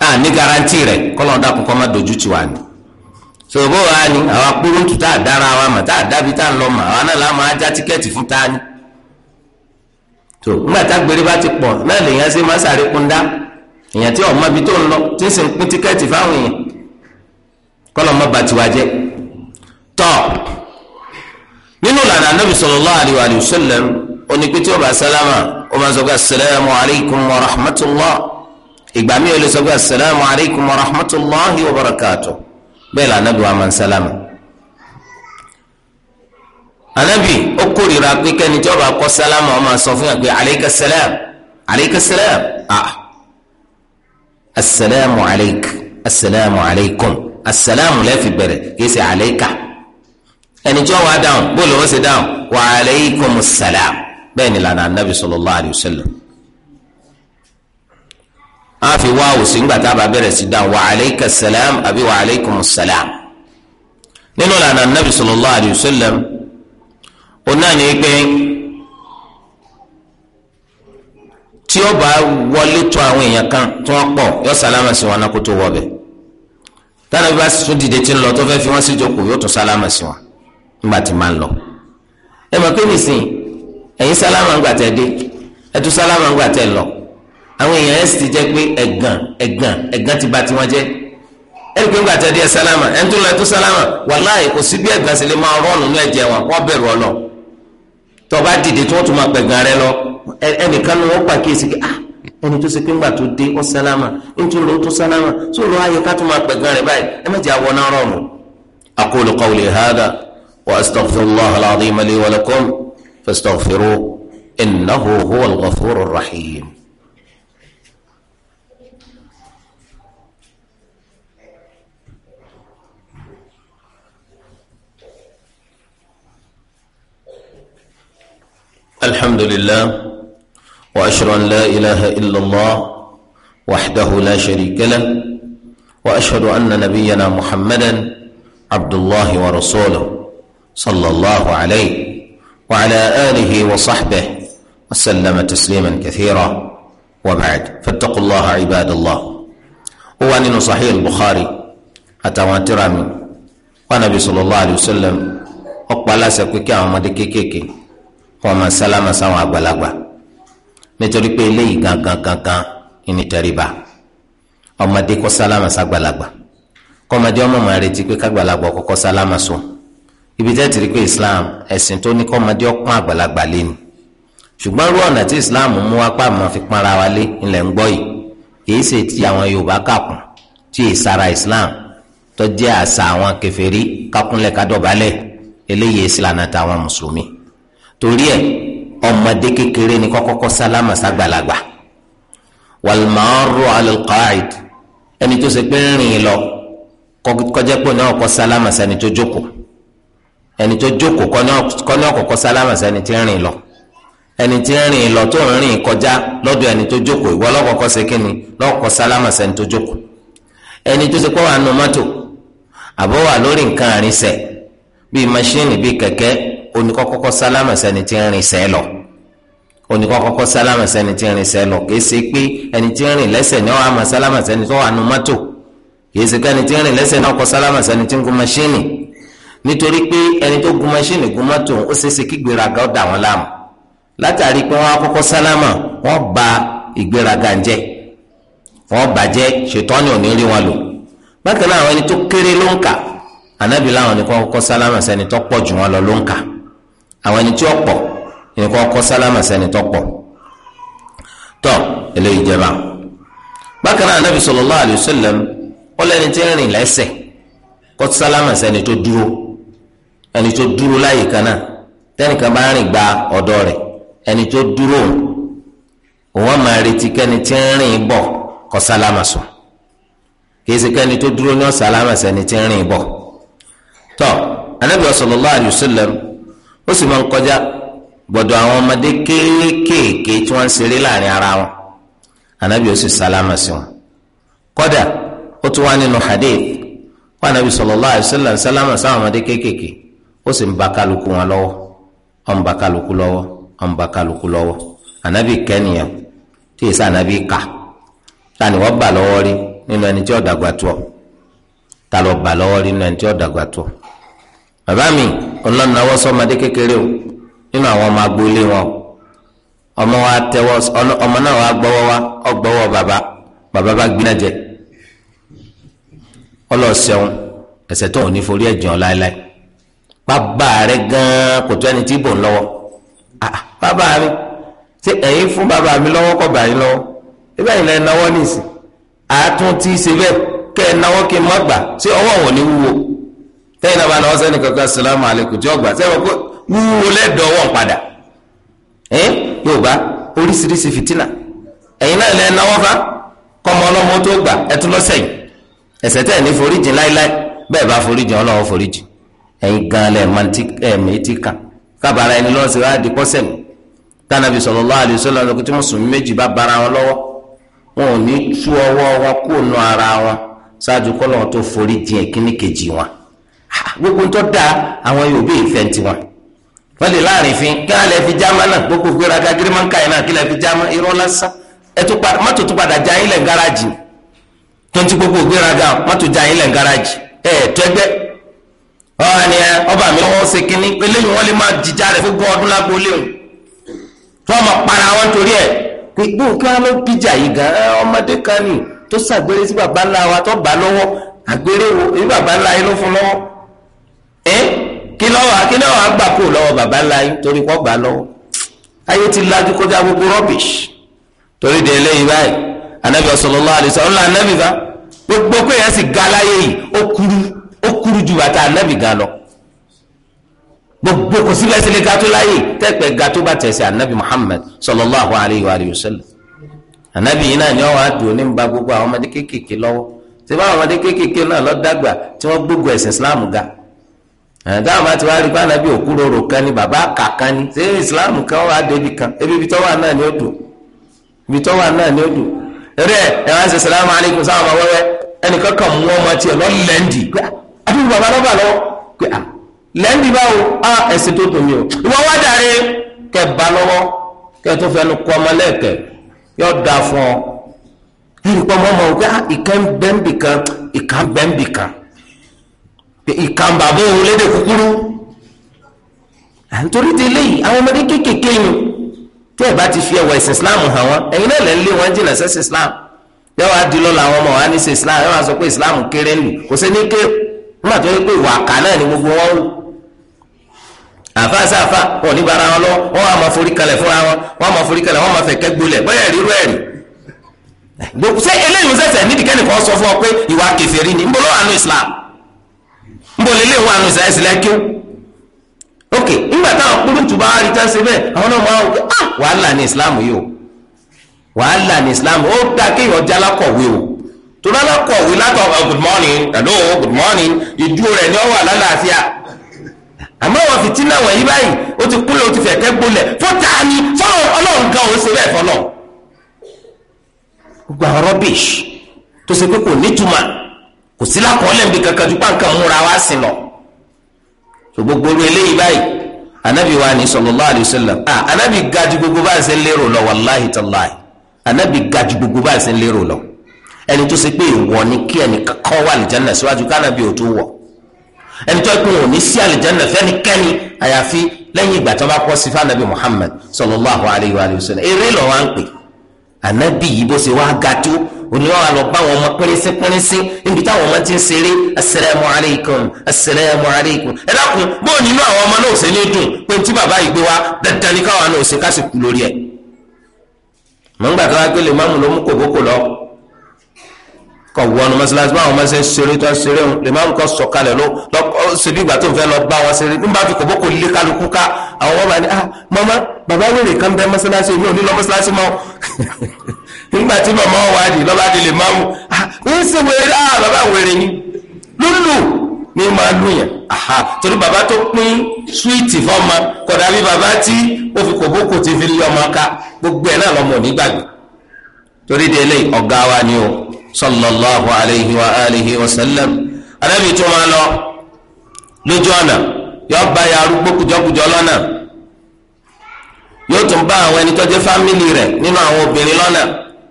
à ní garanti rẹ̀ kọ́lọ̀ ń dákun kọ́ má dojú ti wa ni sọ̀bọ̀ wa ni àwa kúrúntù tá a dára wa mà tá a dábí tá a lọ mà àwa náà la máa já tíkẹ́ẹ̀tì fún ta ni tó ńgbà tá gbére bá ti pọ̀ náà lèèyàn ṣe má sáré kúndá èèyàn tí ọmọ ibi tó ń lọ tí ń sì pín tíkẹ́ẹ̀tì fáwọn èèyàn kọ́lọ̀ nínú ìlànà anábì sallallahu alayhi wa sallam onípẹtẹ ọba sálámà ó máa sọ pé asalaamu alaykum wa rahmatulah ìgbà mi ò lè sọ pé asalaamu alaykum wa rahmatulahi wa barakato bẹ́ẹ̀ lànà bí wàá máa ń sálámà anabi ó kórìíra pé kẹ́ni tí ọba kọ́ sálámà ọmọ sọ fún yà pé aleyka salam aleyka ah asalaamu aleyk asalaamu aleykum asalaamu lẹ́ẹ̀fi ẹni tí wọn wá dáhùn bó lọ́wọ́ sí dáhùn wa alaykum salam bẹ́ẹ̀ ni lànà anabi sallallahu alayhi wa sallam a fi wá òsì ńgbà tá a bá bẹ̀rẹ̀ sí dáhùn wa alayka salam àbí wa alaykum salam nínú lànà anabi sallallahu alayhi wa sallam òun náà ní pé tí ó bá wọlé tó àwọn èèyàn kan tí wọ́n pọ̀ yóò sálámà sí wọn náà kó tánàbí bá sì tún dìde tí ń lọ tó fẹ́ fi wọ́n sí jókòó yóò tún sálámà sí wọn. nígbà ma máa lọ ẹ mọ̀ pé nìsín ẹ̀yin sálámà ń dé sálámà lọ àwọn èèyàn ẹ̀ sì ti jẹ́ pé ẹ̀gàn ẹ̀gàn ẹ̀gàn ti bà tiwọn jẹ́ ẹ̀rí pé ń dé ẹ̀ sálámà ẹ̀ ń tún lọ ẹtú sálámà kò sí bí ẹ̀gàn sì lè ọ tọba dìde tún lọ ẹnìkan ló kí ẹni tó ṣe pé ńgbà tó dé sálámà sálámà sóòrò ayé ká máa rẹ báyìí ẹ واستغفر الله العظيم لي ولكم فاستغفروه انه هو الغفور الرحيم الحمد لله واشهد ان لا اله الا الله وحده لا شريك له واشهد ان نبينا محمدا عبد الله ورسوله صلى الله عليه وعلى آله وصحبه وسلم تسليما كثيرا وبعد فاتقوا الله عباد الله هو أن صحيح البخاري أتواتر من ونبي صلى الله عليه وسلم أقبل سكوكا ومدكيكيكي وما سلام سوى بلغبا nítorí pé eléyìí gangan gangan ìnìtẹríba ọmọdé kọ sálámà sàgbàlagbà kọmọdé ọmọ màá retí pé kàgbàlagbà kọ́kọ́ sálámà sùn ibi tẹ́ ti rí pé islam ẹ̀sìn tó ní kọ́mọdé ọ̀pọ̀n àgbàlagbà lé ni ṣùgbọ́n irú ọ̀nà tí islam mú wá pa àmọ́ fi pọ́nra wa lé ńlẹ̀ ń gbọ́ yìí kìí ṣe ti àwọn yorùbá kàkùn tí ìsara islam tó jẹ́ àṣà àwọn kèfèrí kákúnlẹ̀ kádọ̀bálẹ̀ eléyìí ìsìlànà táwọn mùsùlùmí torí ẹ̀ ọmọdé kékeré ni kọ́kọ́kọ́ sálámà sàgbàlagbà wàlmọ́ọ́rù alqaid ẹni tó ṣe pé ń rìn lọ kọjá pé náà kọ́ sálámà sẹni tó jókòó ẹni tó jókòó kọ́ni ọ̀kọ̀ọ̀kọ́ sálámà sẹ́ni tí ń rìn lọ ẹni tí ń rìn lọ tó ń rìn kọjá lọ́dọ̀ ẹni tó jókòó ìwọ lọ́kọ̀ọ̀kọ́ ṣe kí ni lọ́kọ̀ọ̀kọ́ sálámà sẹ́ni tó jókòó ẹni tó ṣe pọ́ wà nù mọ́tò àbọ̀ wà lórí nǹkan àrìnsẹ̀ bíi maṣíìnì bíi kẹ̀kẹ́ oníkọ́kọ́kọ́ sálámà sẹ́ni tí ń rìn sẹ́ lọ oníkọ́kọ́kọ́ sálámà sẹ́ni tí ń rìn sẹ́ lọ kìí ṣe pé ẹni tí ń rìn lẹ́sẹ̀ ni wọ́n á máa sálámà sẹ́ni tó wà nù mọ́tò kìí ṣe pé ẹni tí ń rìn lẹ́sẹ̀ náà kọ́ sálámà sẹ́ni tí ń gun maṣíìnì nítorí pé ẹni tó gun mọ́ṣíìnì gun mọ́tò ó ṣeéṣe kí ìgbéraga ó dà wọ́n láàmú látàrí pé wọ́n á kọ́kọ́ sálámà wọ́n ba ìgbéraga ń jẹ́ wọ́n bàjẹ́ ṣètọ́ni ò ní rí wọn lò bákan náà àwọn ẹni tó kéré ló ń kà ànábì láwọn nìkan kọ́kọ́ sálámà sẹ́ni tó pọ̀ jù wọn lọ ló ń kà àwọn ẹni tí ó pọ̀ nìkan kọ́kọ́ sálámà sẹ́ni tó pọ̀ tọ́ eléyìí jẹba bákan náà ànábì sallallahu alaihi wasallam ó lẹ́ni tí ń rìn lẹ́sẹ̀ kó sálámà sẹ́ni tó dúró ẹni tó dúró láyè kan náà tẹnìkan bá rìn gba ọ̀dọ̀ rẹ̀ ẹni tó dúró òun máa retí kẹ́ni tí ń rìn bọ̀ kó sálámà sùn kìí ṣe kẹ́ni tó dúró ní ọ̀sálámà sẹ́ni tí ń rìn bọ̀ tọ́ anábìyà sallallahu alayhi wa sallam ó sì máa ń kọjá gbọ̀dọ̀ àwọn ọmọdé kéékèèké tí wọ́n ń ṣeré láàrin ara wọn anábìyà ó sì sálámà sí wọn kọ́dà ó tún wá nínú hadith wọn anábìyà sallallahu alayhi sálámà sáwọn ọmọdé kéékèèké ó sì ń ba kálukú wọn lọ́wọ́ ó ń ba kálukú lọ́wọ́ ó ń ba kálukú lọ́wọ́ ànábì kẹ́nìyàn tí èsì ànábì kà ta ni wọ́n bà lọ́wọ́ rí nínú ẹni tí ó dàgbà tó ta lọ bà lọ́wọ́ rí nínú ẹni tí ó dàgbà tó bàbá mi kékeré o nínú àwọn ọmọ agboolé wọn ọmọ wa ọmọ náà wa wa bàbá bàbá bá jẹ ẹ̀sẹ̀ tó ò ní forí ẹ̀jẹ̀ láéláé. bàbá rẹ gan kò tó ẹni tí bò ń lọ́wọ́ ah, bàbá mi ṣé ẹ̀yin fún bàbá mi lọ́wọ́ kọ bàyín lọ́wọ́ ebe ẹ̀yin lẹ náwó nìsín àtún tí ṣe bẹ́ẹ̀ kẹ ẹ náwó kí n má gbà ṣé ọwọ́ wọn ní wúwo tẹ̀yin náà bá náwó sẹni kankan salamu alaykum tí ó gbà sẹ wọn kó wúwo lẹdọọwọ padà ẹ yóò bá oríṣiríṣi fìtínà ẹ̀yin náà lẹ náwó fa kọmọ ọlọmọ tó gbà ẹ tún lọ sẹ́yìn ní foríjìn láíláí bẹ́ẹ̀ bá foríjìn Ọlọ́run foríjìn ẹ̀yin gan lẹ̀ mọ̀tí ẹ̀mí ti kà kábàárà ẹni lọ́sẹ̀ wá di pọ́sẹ̀mù tánàbí sallallahu alaihi wasallam lọ́kùtì mùsùlùmí méjì bá bara wọn lọ́wọ́ wọn ò ní tú ọwọ́ wọn kó nu ara wọn ṣáájú kọ́lọ́ wọn tó forí di ẹ̀kíní kejì wọn ah, gbogbo tó dáa àwọn yóò bí ìfẹ́ tiwọn wọ́n lè láàrin fi kí wọ́n lè fi já mọ́ náà gbogbo gbéra gagiri máa ń ka yẹn náà kí lè fi já mọ́ irọ́ lásán ẹtú padà mọ́tò tó padà já yín lẹ̀ ń gáràjì tó ń ti gbogbo gbéra ga mọ́tò já yín lẹ̀ ń gáràjì ẹ̀ẹ́dẹ́gbẹ́ ọ̀hún ni ọba mi wọ́n ṣe kínní eléyìí lè máa jìjà rẹ̀ fún ọdún lágbo léwu tó ọmọ para wọn torí ẹ̀ pé bó kí wọ́n ló bíjà yìí gan ọmọdé kan tó ṣàgbére sí bàbá ńlá wa tó bá lọ́wọ́ àgbére wo bàbá ńlá yìí ló fún ẹ kí kí kó bàbá ńlá yìí torí gbà ayé ti lajú torí de eléyìí báyìí anabi kúrú ju bàtà ànábì gan lọ gbogbo kò sí bẹ́sẹ̀ lè ga tó láyè tẹ́pẹ́ ga tó bá tẹ̀sí ànábì Muhammad sallallahu alayhi wa sallam ànábì yìí náà ni wọ́n á dùn ní ba gbogbo àwọn ọmọdé kéékèèké lọ́wọ́ tí báwọn ọmọdé kéékèèké náà lọ dàgbà tí wọ́n gbogbo ẹ̀sìn Islam ga táwọn máa ti wá rí pàánà bí òkú rorò kan ni bàbá àkà ni ṣé Islam kan wà débi kan ebi ibi tó wà náà ni ó dùn ibi tó wà náà ni ó dùn eré ẹ̀ wá ṣe salamu alaykum sáwọn ọmọ wẹ́wẹ́ ẹnì irú bàbá lọ́bà lọ pé à ah, lẹ́ndì báwo á ẹ̀sìn tó tòmí o ìwọ wá dàrí kẹ bá lọ́wọ́ kẹ tó fẹnu kọ ọmọ lẹ́ẹ̀kẹ yọ da fún ọ ẹnì pọ́ mọ́ ọmọ wípé ah, ìka ń bẹ́ǹbì kan ìka ń bẹ́ǹbì kan ìka ń bàbá òun lédè kúkúrú à ń torí ti léyìí àwọn ọmọdé kéékèèké yìí tẹ́ ẹ̀ bá ti fi ẹ̀wọ̀ ẹ̀sìn Islam hàn wọ́n ẹ̀yin náà lẹ́ ń lé wọn jìnnà sẹ́sìn Islam yọ wá di lọ́la àwọn ọmọ wa ní sẹ́ Islam yọ wá sọ pé Islam kéré nì kò sí ní kéré nígbà tó yẹ pé ìwà àká náà ni gbogbo wọn wù àfa sáfa wọn ò ní bara wọn lọ wọn á máa forí kalẹ̀ fúnra wọn wọn á máa forí kalẹ̀ wọn á máa fẹ̀kẹ́ gbolẹ̀ bẹ́ẹ̀ rírú ẹ̀rí gbogbo ṣé eléyìí sẹ̀sẹ̀ nídìí kẹ́nìkan sọ fún ọ pé ìwà kèfèrí ni nbọ ló wà nù Islam nbọ lélẹ̀ wà nù Islam ẹ̀sìn lẹ́kíw ok ńgbà táwọn kúrúntù bá rí tán ṣe bẹ́ẹ̀ àwọn náà máa wọ ah, wàhálà ní Islam yìí o wàhálà ní Islam ó dáa kéèyàn jálá o torí alákọ̀wé látọ̀ oh, good morning hello good morning ìdúró rẹ̀ ni ó wà lálàáfíà àmọ́ àwọn fìtínà wọ̀nyí báyìí ó ti kúnlẹ̀ ó ti fẹ̀kẹ́ gbolẹ̀ fọ́tà ni fọ́lọ́ ọlọ́run gan òun ṣe bẹ́ẹ̀ fọ́lọ́ gbogbo rubbish tó ṣe pé kò nítumọ̀ kò sí lákọọ́lẹ̀ níbi kankan ju pàǹkà múra wá sí lọ tó gbogbo orí eléyìí báyìí anabi wa ni sallallahu alayhi wa sallam ah anabi ga ju gbogbo bá ń ṣe lérò lọ wàláhìí tàláhìí anabi ga gbogbo bá ń ṣe lérò lọ ẹni tó ṣe pé ìwọ ni kí ẹni kọ́ wà àlìjánà síwájú kánábì ò tó wọ̀ ẹni tó pé òní sí àlìjánà fẹ́nikẹ́ni àyàfi lẹ́yìn ìgbà tó bá kọ́ sí fànàbì Muhammad sallallahu alayhi wa sallam eré lọ wá ń pè ànábì yìí bó ṣe wá ga tó òní wàá lọ bá àwọn ọmọ pínrínsí pínrínsí níbi táwọn ọmọ ti ń ṣeré asalaamu alaykum asalaamu alaykum ẹ dákun bóun nínú àwọn ọmọ náà ò ṣe ní dùn pé tí bàbá yìí gbé wa dandan ní káwọn náà ṣe ká sì kú lórí ẹ. mọ̀ ń gbàgbọ́ agbélé máàmù ló mú kòbókò lọ kọ wọnú mọ́sálásí báwọn máa ṣe ṣeré tó ṣeré ń lè máa ń kọ́ sọ̀kalẹ̀ ló ṣebí ìgbà tó ń fẹ́ lọ bá wọn ṣeré nígbà tó kò bó kò lé kálukú ká àwọn ọmọ ni ah mama baba wèrè kan bẹ mọ́sálásí èmi ò ní lọ mọ́sálásí mọ́ nígbà tí màmá wà di lọ́ba di lè máa mú ah ń ṣe wèrè ah baba wèrè ni lúlù ní máa lù yẹn aha torí bàbá tó pín súwìtì fọ́mọ kódà bí bàbá tí ó fi kò bó kò ti fi lé ká gbogbo ẹ̀ náà lọ́mọ ò sallallahu alayhi wa alihi wa sallam anabi tó máa lọ lójú ọ̀nà yóò bá ya arúgbó kùjọkùjọ lọ́nà yóò tún bá àwọn ẹni tó jẹ́ fámìlì rẹ̀ nínú àwọn obìnrin lọ́nà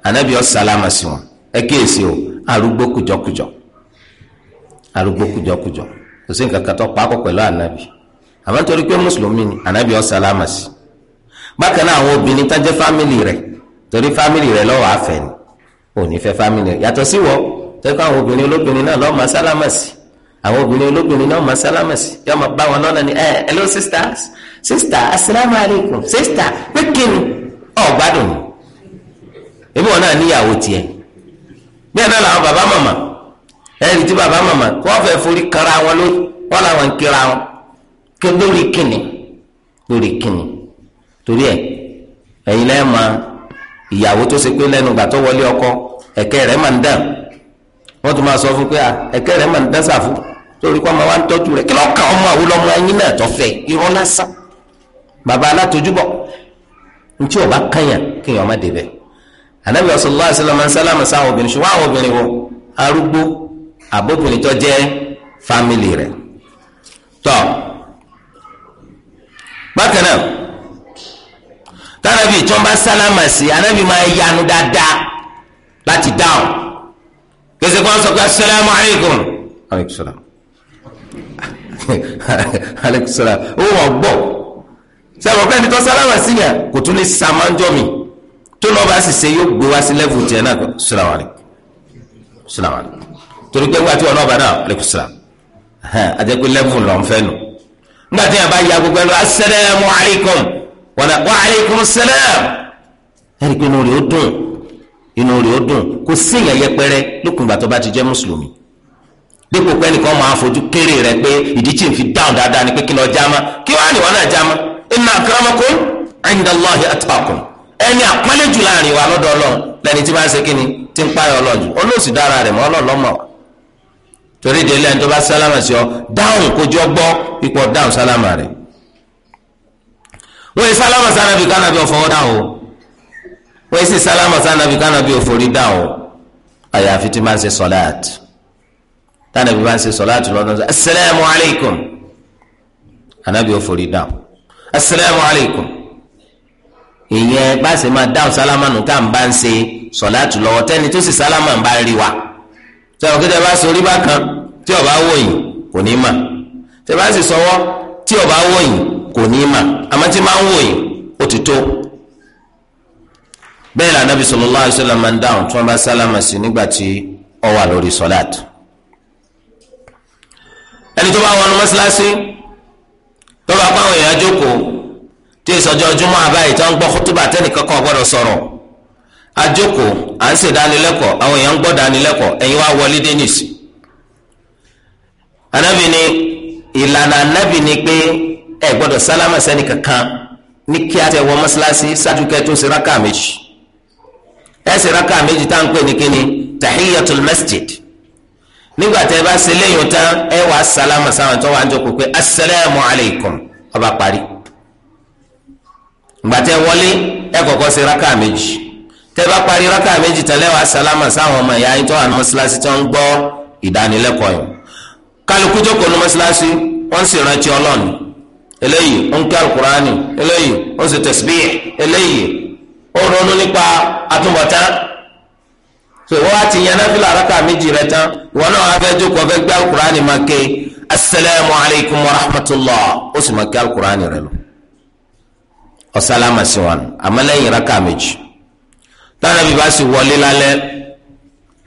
anabi ó sálámà sí wọn ẹ kíyèsí o arúgbó kùjọkùjọ arúgbó kùjọkùjọ kò sí nǹkan kan tó pa pọ̀ pẹ̀lú anabi àmọ́ torí pé mùsùlùmí ni anabi ó sí bákan náà àwọn obìnrin tó fámìlì rẹ̀ torí fámìlì rẹ̀ lọ́wọ́ àfẹ́ ni òní yàtọ̀ sí wọ tẹ́kọ̀ àwọn obìnrin olóbìnrin náà lọ́ọ́ máa olóbìnrin náà máa yọ máa bá wọn lọ́nà ni ẹ eh, hello sisters sister asalaamu alaykum sister pé ọ̀ gbádùn mi ebi wọn náà níyàwó tiẹ̀ bí ẹ náà làwọn bàbá tí fẹ́ forí kara wọn wọ́n làwọn ń torí ẹ ẹ̀yin ìyàwó tó ṣe pé lẹ́nu ìgbà tó wọlé ọkọ ẹ̀kẹ́ rẹ̀ máa ń dàn wọ́n tún máa sọ fún pé à ẹ̀kẹ́ rẹ̀ máa ń dán sàfù torí kó ọmọ wa ń tọ́jú rẹ̀ kí lọ́ọ̀ka ọmọ àwòlọ́mọ ẹyin náà tọ́fẹ̀ irọ́ lásán bàbá alátojúbọ̀ ntí ọba kànyà kéèyàn má débẹ̀ anabi sallallahu alaihi wasallam sáwọn obìnrin ṣùgbọ́n àwọn obìnrin wo arúgbó àbóbìnrin tó jẹ́ fámìlì rẹ̀ tọ́ bákan náà tọ́nàbí tí wọ́n bá sálámà sí anábì máa yanu dáadáa láti dáhùn kẹsẹ̀ kí wọ́n sọ pé asalaamu aleykum aleykum salaam aleykum salaam ó wọ̀ gbọ́ sẹ́wọ̀n pẹ́ni tó sálámà sí yẹn kò tún lè sàmánjọ́ mi tó lọ́ọ́ bá sì ṣe yóò gbé wá sí lẹ́fù tiẹ̀ náà salaam aleykum salaam aleykum torí pé wíwá tí wọn náà bá náà aleykum salaam àti pé lẹ́fù lọ́nfẹ́ nù nígbà tí yẹn bá ya gbogbo ẹ̀ lọ asalaamu aleykum. wàlá wa aleykum salaam ẹni pé inú ó dùn inú rẹ̀ ó dùn kò séèyàn yẹpẹrẹ lókun ìgbà tó bá ti mùsùlùmí dípò pé ẹnìkan máa fojú kéré rẹ̀ pé ìdí tí n fi dáhùn dáadáa ni pé kí lọ jáma kí wàá nìwọ náà jáma inda Allahi ẹni àpọ́nlé jù láàrin wa lọdọ ọlọ́run lẹ́ni tí máa ṣe kí ni tí wọ́n yìí sálámà sànàbí kánàbí ọ̀fọwọ́ dà o wọ́n yìí sì sálámà sànàbí kánàbí òfòrí dà o àyàfi tí máa ń ṣe sọláàtì tánàbí máa ń ṣe sọláàtì lọ́dún sọ asalaamu alaykum anabi òfòrí dà o asalaamu alaykum ìyẹn bá a sì máa dáhùn sálámà nù tá à ń bá ń ṣe sọláàtì lọ́wọ́ tẹ́ni tó sì sálámà ń bá rí wa sọ̀rọ̀ kí tẹ bá sọ orí bá kan tí ọba wò yìí kò ní mà tẹ bá kò ní í mà àmọ́ tí máa ń wò ó ti tó bẹ́ẹ̀ la Nabi sallallahu alaihi wasallam máa ń dáhùn tí wọ́n bá sálámà sí nígbà tí ó wà lórí sọ́láàtì ẹni tó bá wọnú mọ́sálásí tó bá báwọn èèyàn jókòó tí ìsọjọ́ ọjọ́mọ́ àbáyé tó ń gbọ́ kútúbà tẹ́nìkan kan gbọ́dọ̀ sọ̀rọ̀ àjókòó à ń ṣe dánilẹ́kọ̀ọ́ àwọn èèyàn ń gbọ́ dánilẹ́kọ̀ọ́ ẹ̀yin wá wọlé dé nìsí. ni ìlànà anábì ni pé ẹ gbọ́dọ̀ sálámà sẹ́ni kankan ní kí a tẹ wọ mọ́ṣáláṣí ṣáájú kẹ́ tó ṣe rákà méjì ẹ ṣe rákà méjì tá pè ní kíni tahiyatul masjid nígbà tẹ bá ṣe léyìn tán ẹ wà sálámà sáwọn tó wà ń jókòó pé asalaamu alaykum ó parí ìgbà tẹ wọlé ẹ kọ́kọ́ ṣe rákà méjì tẹ bá parí rákà méjì wà sálámà sáwọn ọmọ ìyá yín tó wà ní tó ń yìí kálukú eléyìí ó ń kí alukurani eléyìí ó ń ṣe tẹsibíyì eléyìí ó ronú nípa àtúbọ̀tán so wọ́n á ti yan náfìlà araka méjì rẹ tán wọn náà wàá fẹ́ jókòó fẹ́ gbé alukurani máa ké asalaamu alaykum wa rahmatulah ó sì máa ké alukurani rẹ lọ ọ̀sálámà sí wọn àmọ́ araka méjì táwọn ẹbí sì wọlé lálẹ́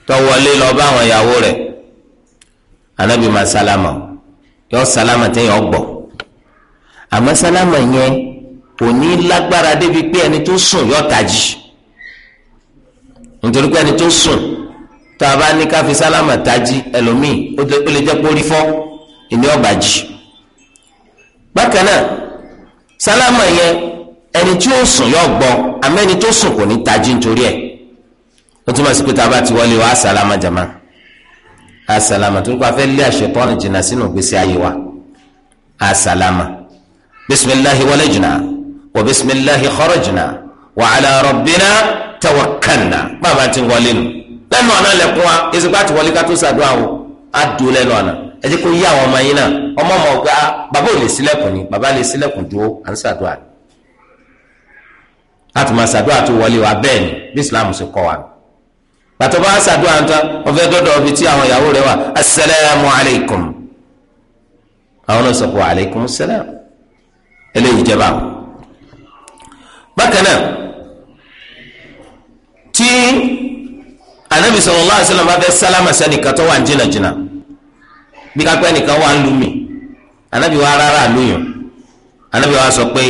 tó wọlé lọ bá àwọn ìyàwó rẹ̀ anabi máa sálámà yọ sálámà téèyàn gbọ́ àmọ́ sálámà yẹn kò ní lágbára débi pé ẹni tó sùn yọ tají nítorí pé ẹni tó sùn tá a bá ní ká fi sálámà tají ẹlòmíì ó lè jẹ́ pé ó rí fọ́ ìní ọgbà jì bákan náà sálámà yẹn ẹni tí ó sùn yọ gbọ́ àmọ́ ẹni tó sùn kò ní tají nítorí ẹ̀ ó túmọ̀ sí pé tá a bá ti wọlé wa sálámà jàmá àsàlámà torí pé a fẹ́ lé àṣẹ pọ́n jìnnà sínú ìgbésí ayé wa àsàlámà bisimilahi walejuna wa bisimilahi kharajuna wa ala rabbina tawakkalna bàbá ti wọlé nu lẹ́nu ọ̀nà lẹ́kùn wa èsì bá ti wọlé ká tó sàdúrà o á dùn lẹ́nu ọ̀nà ẹ jẹ́ kó yí àwọn ọmọ yín náà ọmọ ọmọ ọ̀gá bàbá ò lè sílẹ̀kùn ni bàbá lè sílẹ̀kùn dúró à ń sàdúrà ni láti máa sàdúrà tó wọlé wa bẹ́ẹ̀ ni bí Islam ṣe kọ́ wa ni pàtó bá sàdúrà ń tán ọ̀fẹ́ dọ́dọ̀ ibi tí àwọn ìyàwó rẹ wà asalaamu alaykum àwọn náà sọ pé wa alaykum salaam eléyìí jẹba bákan náà tí anabi sallallahu alaihi wasallam bá fẹ́ sálámà sẹ́nìkan tó wà ń jìnnà jìnnà bí kápẹ́ nìkan wà ń anabi wa rárá lóyún anabi wa sọ pé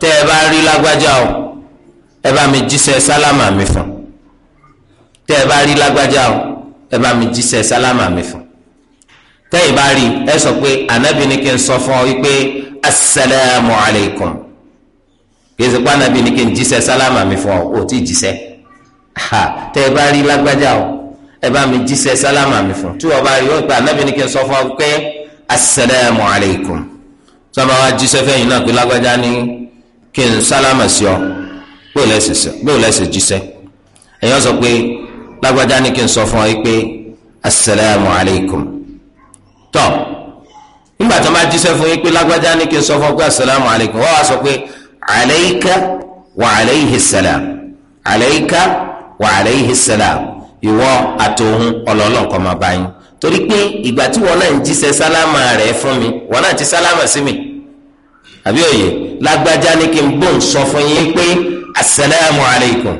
tẹ́ ẹ bá rí lágbájá o ẹ bá mi jíṣẹ́ sálámà mi fún tẹ́ ẹ bá rí lágbájá o ẹ bá mi jíṣẹ́ sálámà mi fún tẹ́ ẹ bá rí ẹ sọ pé anabi ni kí n sọ fún ọ wípé asalaamu alaykum kìí sèpá nàbí ni kí n jíṣẹ́ sálámà mi fún ọ ò tí ì jíṣẹ́ ha tẹ ẹ bá rí lágbájá o ẹ bá mi jíṣẹ́ sálámà mi fún tí wọn bá rí wọn pé ànábì ni kí n sọ fún ọ pé asalaamu alaykum sọba wa jíṣẹ́ fẹ̀yìn náà pé lágbájá ni kí n sálámà sí ọ bó lẹsẹ jíṣẹ́ èèyàn sọ pé lágbájá ni kí n sọ fún ọ pé asalaamu alaykum tọ tí wọ́n bá jíṣẹ́ fún yín pé lágbájá ní kí n sọ fún ọ pé asalaamu alaykum wọ́n wá sọ pé alayka wa alayhi salam alayka wa alayhi salam ìwọ àtòhun ọlọ́ọ̀lọ́ nǹkan máa bá yín torí pé ìgbà tí wọn náà ń jíṣẹ́ sálámà rẹ̀ fún mi wọn náà ti sálámà sí mi àbí òye lágbájá ní kí n bò ń sọ fún yín pé asalaamu alaykum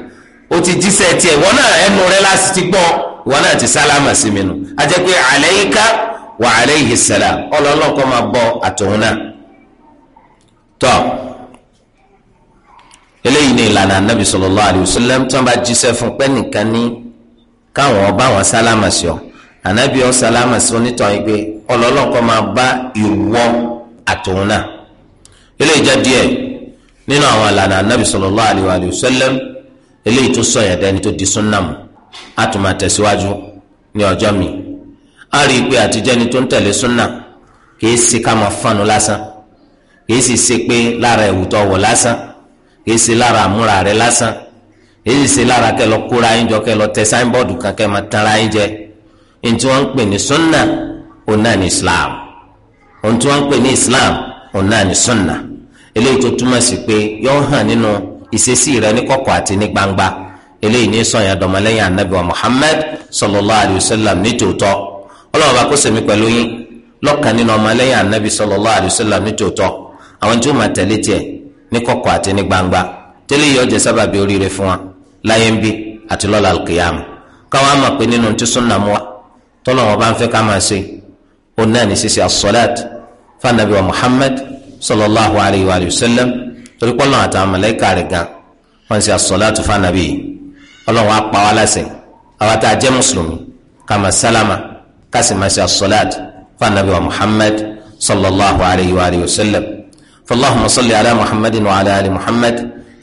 o ti jíṣẹ́ tiẹ̀ wọn náà ẹnu rẹ̀ láti ti gbọ́ wọn náà ti sálámà sí mi nù àjẹpẹ́ alayka wa aleyhi salam ọlọ́lọ́n kọ́ máa bọ́ àtòun náà tọ́ eléyìí ni ìlànà anabi sallallahu alayhi wa sallam tí wọ́n bá jíṣẹ́ fún pẹ́ nìkan ní káwọn ọba àwọn sálámà sí ọ anabi ọ sálámà sí onítàn yìí pé ọlọ́lọ́n kọ́ máa bá ìwọ àtòun náà eléyìí jẹ́ díẹ̀ nínú àwọn ìlànà anabi sallallahu alayhi wa sallam eléyìí tó sọ yẹn dẹni tó di súnnà mu a ní ọjọ́ mi. a rí i pé àtijọ́ni tó ń tẹ̀lé súnà kìí ṣe ká máa fanu lásán kìí sì lara pé lára ìwùtọ̀ wọ̀ lásán kìí ṣe lára àmúra rẹ lásán kìí ṣe lára kẹlọ kóra yín jọ kẹlọ tẹ sáínbọ́ọ̀dù kan kẹ máa tanra yín jẹ islam ohun tí wọ́n ń pè ní islam òun náà ní súnà eléyìí tó túmọ̀ sí pé yọ hàn nínú ìṣesí rẹ ní kọ̀kọ̀ àti ní gbangba eléyìí ní sọ̀yàn dọ̀mọ́lẹ́yìn anabi wa muhammad sallallahu alayhi wa sallam ní tòótọ́ ọlọ́run bá kó sèmi pẹ̀lú yín lọ́kàn nínú ọmọlẹ́yìn anabi sallallahu alayhi wa sallam ní tòótọ́ àwọn tí ó máa tẹ̀lé tiẹ̀ ní kọ̀kọ̀ àti ní gbangba tẹ́lẹ̀ yóò jẹ́ sábàbí oríire fún wa láyé ń bí àti lọ́la alkiyama káwọn á máa pè nínú tí súnà mú wa tọ́lọ̀ wọn bá ń fẹ́ ká máa ṣe ó náà ní sísè asọ́láàt fanabi wa muhammad sallallahu alayhi wa torí pọ́lọ́ àtàwọn mọ̀lẹ́kà kasi ma ṣe asolaat fún anabi wa muhammad sallallahu alayhi wa alihi wa sallam fallahumma salli ala muhammadin wa ala ali muhammad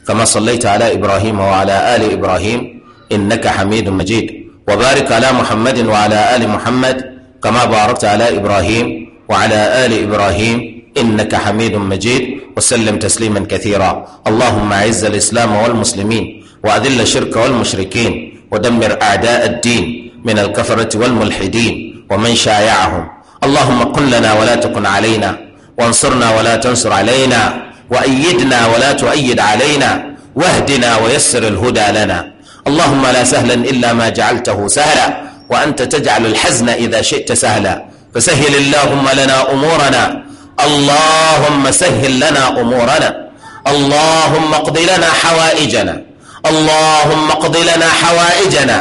kama sallaita ala ibrahim wa ala ali ibrahim innaka hamidun majid wa barik ala muhammadin wa ala ali muhammad kama barakta ala ibrahim wa ala ali ibrahim إنك حميد مجيد وسلم تسليما كثيرا اللهم أعز الإسلام والمسلمين وأذل الشرك والمشركين ودمر أعداء الدين من الكفرة والملحدين ومن شايعهم اللهم قل لنا ولا تكن علينا وانصرنا ولا تنصر علينا وأيدنا ولا تؤيد علينا واهدنا ويسر الهدى لنا اللهم لا سهلا إلا ما جعلته سهلا وأنت تجعل الحزن إذا شئت سهلا فسهل اللهم لنا أمورنا اللهم سهل لنا أمورنا اللهم اقض لنا حوائجنا اللهم اقض لنا حوائجنا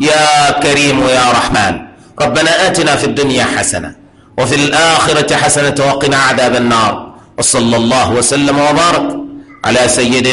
يا كريم يا رحمن ربنا آتنا في الدنيا حسنة وفي الآخرة حسنة وقنا عذاب النار وصلى الله وسلم وبارك على سيدنا